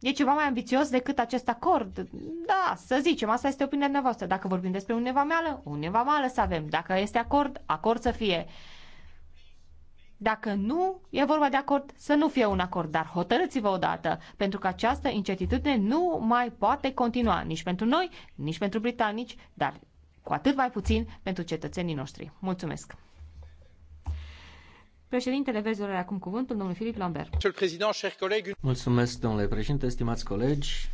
E ceva mai ambițios decât acest acord? Da, să zicem, asta este opinia dumneavoastră. Dacă vorbim despre Uniunea Vamală, Uniunea Vamală să avem. Dacă este acord, acord să fie. Dacă nu e vorba de acord, să nu fie un acord, dar hotărâți-vă odată, pentru că această incertitudine nu mai poate continua, nici pentru noi, nici pentru britanici, dar cu atât mai puțin pentru cetățenii noștri. Mulțumesc! Președintele, are acum cuvântul, domnul Filip Lambert. Mulțumesc, domnule președinte, estimați colegi.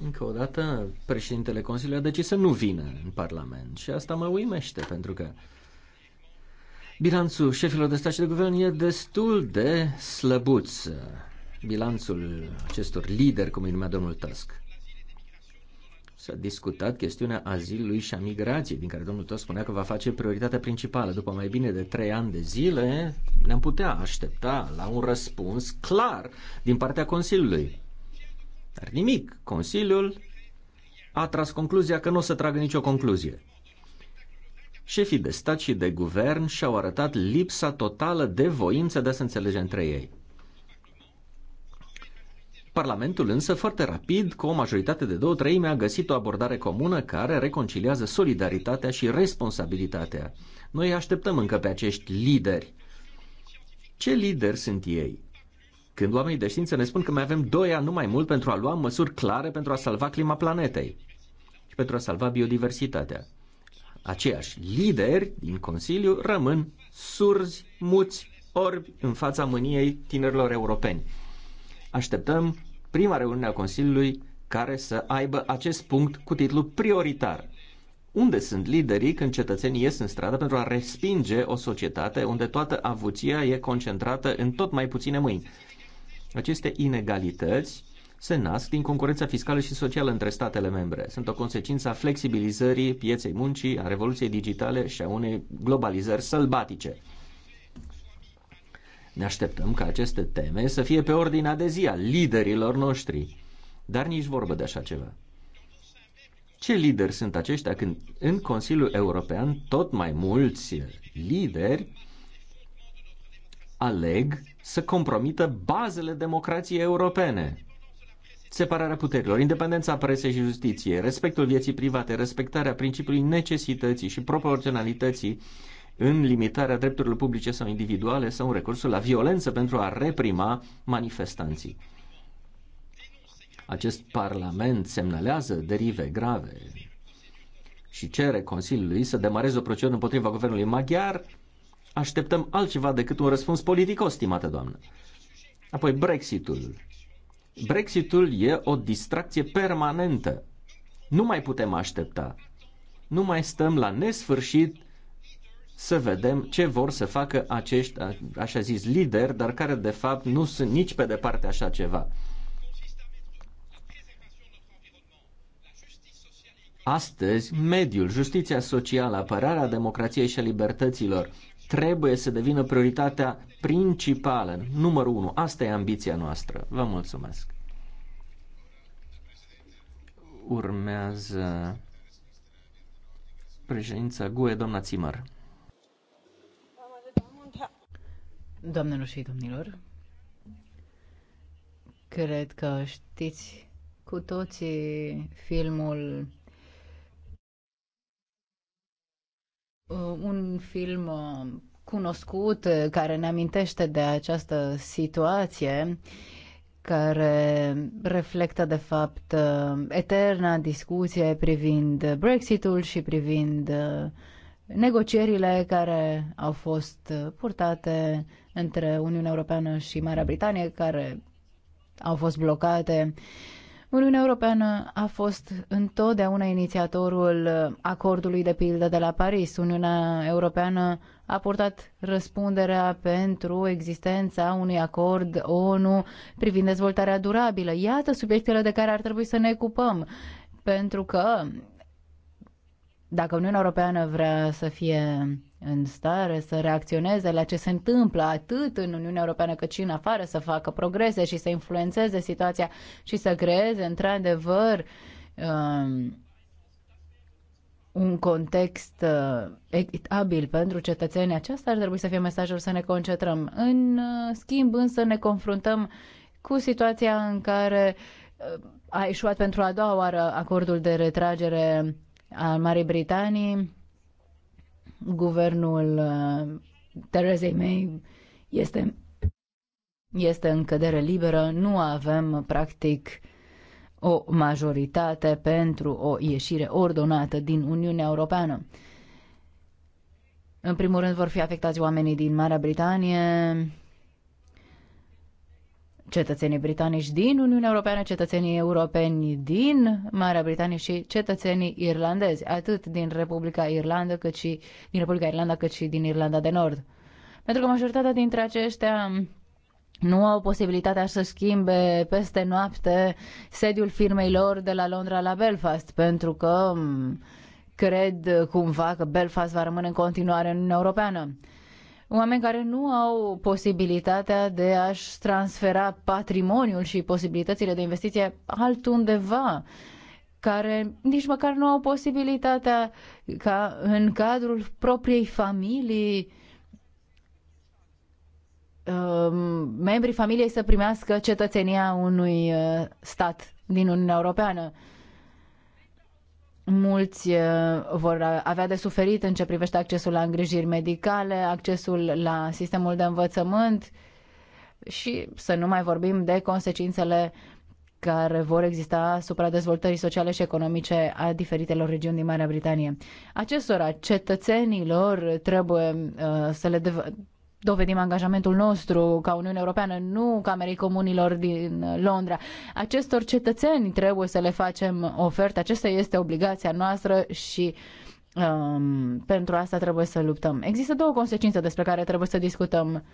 Încă o dată, președintele Consiliului a decis să nu vină în Parlament și asta mă uimește, pentru că bilanțul șefilor de stat și de guvern e destul de slăbuț. Bilanțul acestor lideri, cum îi numea domnul Tusk s-a discutat chestiunea azilului și a migrației, din care domnul tot spunea că va face prioritatea principală. După mai bine de trei ani de zile, ne-am putea aștepta la un răspuns clar din partea Consiliului. Dar nimic. Consiliul a tras concluzia că nu o să tragă nicio concluzie. Șefii de stat și de guvern și-au arătat lipsa totală de voință de a se înțelege între ei. Parlamentul însă foarte rapid, cu o majoritate de două treime, a găsit o abordare comună care reconciliază solidaritatea și responsabilitatea. Noi așteptăm încă pe acești lideri. Ce lideri sunt ei? Când oamenii de știință ne spun că mai avem doi ani, nu mai mult, pentru a lua măsuri clare pentru a salva clima planetei și pentru a salva biodiversitatea. Aceiași lideri din Consiliu rămân surzi, muți, orbi în fața mâniei tinerilor europeni. Așteptăm prima reuniune a Consiliului care să aibă acest punct cu titlu prioritar. Unde sunt liderii când cetățenii ies în stradă pentru a respinge o societate unde toată avuția e concentrată în tot mai puține mâini? Aceste inegalități se nasc din concurența fiscală și socială între statele membre. Sunt o consecință a flexibilizării pieței muncii, a revoluției digitale și a unei globalizări sălbatice. Ne așteptăm ca aceste teme să fie pe ordinea de zi a liderilor noștri. Dar nici vorbă de așa ceva. Ce lideri sunt aceștia când în Consiliul European tot mai mulți lideri aleg să compromită bazele democrației europene? Separarea puterilor, independența presei și justiției, respectul vieții private, respectarea principiului necesității și proporționalității în limitarea drepturilor publice sau individuale sau în recursul la violență pentru a reprima manifestanții. Acest parlament semnalează derive grave și cere Consiliului să demareze o procedură împotriva guvernului maghiar, așteptăm altceva decât un răspuns politic, stimată doamnă. Apoi Brexitul. Brexitul e o distracție permanentă. Nu mai putem aștepta. Nu mai stăm la nesfârșit să vedem ce vor să facă acești, așa zis, lideri, dar care de fapt nu sunt nici pe departe așa ceva. Astăzi, mediul, justiția socială, apărarea democrației și a libertăților trebuie să devină prioritatea principală, numărul unu. Asta e ambiția noastră. Vă mulțumesc. Urmează președința GUE, doamna Țimăr. Doamnelor și domnilor, cred că știți cu toții filmul uh, un film uh, cunoscut uh, care ne amintește de această situație care reflectă de fapt eterna discuție privind Brexitul și privind negocierile care au fost purtate între Uniunea Europeană și Marea Britanie, care au fost blocate. Uniunea Europeană a fost întotdeauna inițiatorul acordului de pildă de la Paris. Uniunea Europeană a purtat răspunderea pentru existența unui acord ONU privind dezvoltarea durabilă. Iată subiectele de care ar trebui să ne ocupăm, pentru că dacă Uniunea Europeană vrea să fie în stare să reacționeze la ce se întâmplă atât în Uniunea Europeană cât și în afară, să facă progrese și să influențeze situația și să creeze într-adevăr um, un context uh, echitabil pentru cetățenii. Aceasta ar trebui să fie mesajul să ne concentrăm. În uh, schimb, însă, ne confruntăm cu situația în care uh, a ieșuat pentru a doua oară acordul de retragere al Marii Britanii, guvernul uh, Terezei May este, este în cădere liberă, nu avem practic o majoritate pentru o ieșire ordonată din Uniunea Europeană. În primul rând vor fi afectați oamenii din Marea Britanie, cetățenii britanici din Uniunea Europeană, cetățenii europeni din Marea Britanie și cetățenii irlandezi, atât din Republica Irlanda cât și din Republica Irlanda cât și din Irlanda de Nord. Pentru că majoritatea dintre aceștia nu au posibilitatea să schimbe peste noapte sediul firmei lor de la Londra la Belfast, pentru că mm, cred cumva că Belfast va rămâne în continuare în Uniunea Europeană oameni care nu au posibilitatea de a-și transfera patrimoniul și posibilitățile de investiție altundeva, care nici măcar nu au posibilitatea ca în cadrul propriei familii um, membrii familiei să primească cetățenia unui uh, stat din Uniunea Europeană. Mulți uh, vor avea de suferit în ce privește accesul la îngrijiri medicale, accesul la sistemul de învățământ și să nu mai vorbim de consecințele care vor exista asupra dezvoltării sociale și economice a diferitelor regiuni din Marea Britanie. Acestora, cetățenilor, trebuie uh, să le dovedim angajamentul nostru ca Uniune Europeană, nu Camerei Comunilor din Londra. Acestor cetățeni trebuie să le facem ofertă, aceasta este obligația noastră și um, pentru asta trebuie să luptăm. Există două consecințe despre care trebuie să discutăm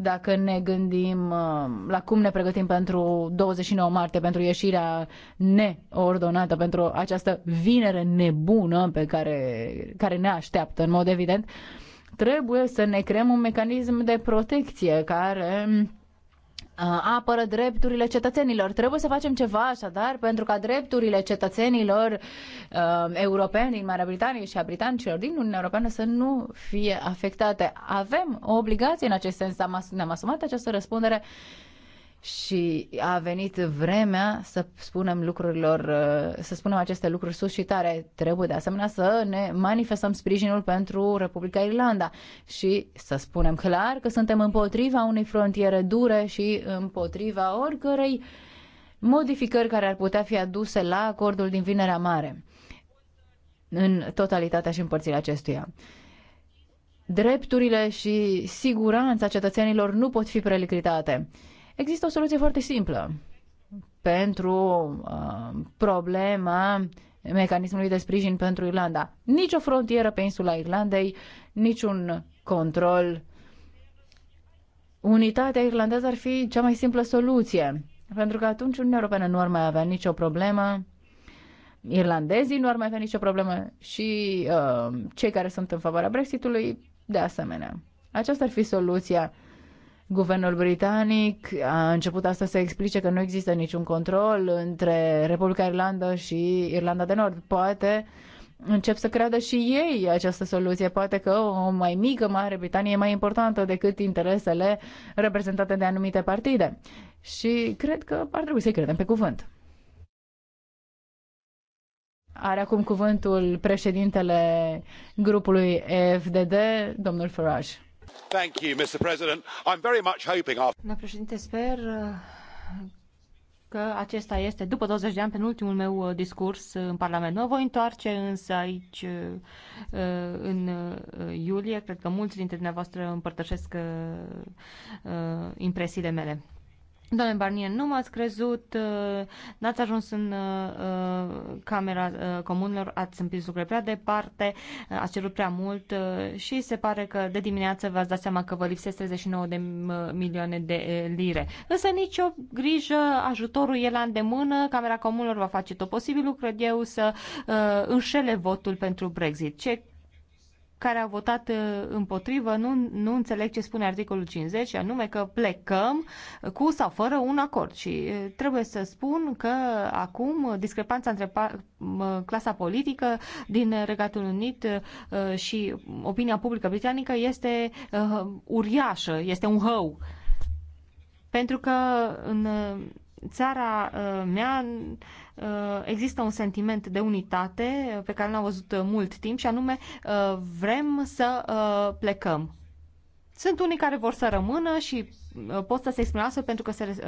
dacă ne gândim um, la cum ne pregătim pentru 29 martie, pentru ieșirea neordonată, pentru această vinere nebună pe care, care ne așteaptă în mod evident. Uh, Trebuie să ne creăm un mecanism de protecție care uh, apără drepturile cetățenilor. Trebuie să facem ceva așadar pentru ca drepturile cetățenilor uh, europeni din Marea Britanie și a britanicilor din Uniunea Europeană să nu fie afectate. Avem o obligație în acest sens, ne-am asumat această răspundere și a venit vremea să spunem lucrurilor, uh, să spunem aceste lucruri sus și tare. Trebuie de asemenea să ne manifestăm sprijinul pentru Republica Irlanda și să spunem clar că suntem împotriva unei frontiere dure și împotriva oricărei modificări care ar putea fi aduse la acordul din Vinerea Mare în totalitatea și în acestuia. Drepturile și siguranța cetățenilor nu pot fi prelicritate Există o soluție foarte simplă pentru uh, problema mecanismului de sprijin pentru Irlanda. Nici o frontieră pe insula Irlandei, niciun control. Unitatea irlandeză ar fi cea mai simplă soluție, pentru că atunci Uniunea Europeană nu ar mai avea nicio problemă, irlandezii nu ar mai avea nicio problemă și uh, cei care sunt în favoarea Brexitului, de asemenea. Aceasta ar fi soluția Guvernul britanic a început astăzi să explice că nu există niciun control între Republica Irlanda și Irlanda de Nord. Poate încep să creadă și ei această soluție. Poate că o mai mică Mare Britanie e mai importantă decât interesele reprezentate de anumite partide. Și cred că ar trebui să-i credem pe cuvânt. Are acum cuvântul președintele grupului FDD, domnul Farage. Domnule președinte, sper uh, că acesta este, după douăzeci de ani, penultimul meu uh, discurs uh, în Parlament. Mă voi întoarce însă aici în iulie. Cred că mulți dintre dumneavoastră împărtășesc impresiile mele. Doamne Barnier, nu m-ați crezut, uh, n-ați ajuns în uh, uh, Camera Comunilor, ați împins lucrurile prea departe, ați cerut prea mult și se pare că de dimineață v-ați dat seama că vă lipsesc 39 de milioane de lire. Însă nicio grijă, ajutorul e la îndemână, Camera Comunilor va face tot posibilul, cred eu, să înșele votul pentru Brexit. Ce care au votat uh, împotrivă nu, nu înțeleg ce spune articolul 50, anume că plecăm cu sau fără un acord. Și uh, trebuie să spun că acum discrepanța între clasa politică din Regatul Unit uh, și opinia publică britanică este uriașă, este un hău. Pentru că în țara uh, mea uh, există un sentiment de unitate pe care l-am văzut uh, mult timp și anume vrem să plecăm. Sunt unii care vor să rămână și pot să se exprime astfel pentru că se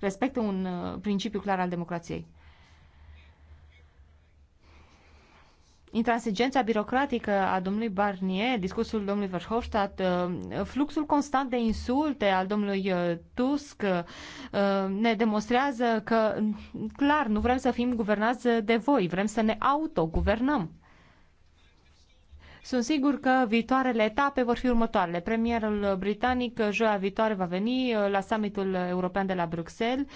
respectă un principiu clar al democrației. intransigența birocratică a domnului Barnier, discursul domnului Verhofstadt, uh, fluxul constant de insulte al domnului uh, Tusk uh, ne demonstrează că, mm, clar, nu vrem să fim guvernați de voi, vrem să ne autoguvernăm. Sunt sigur că viitoarele etape vor fi următoarele. Premierul britanic joia viitoare va veni la summitul european de la Bruxelles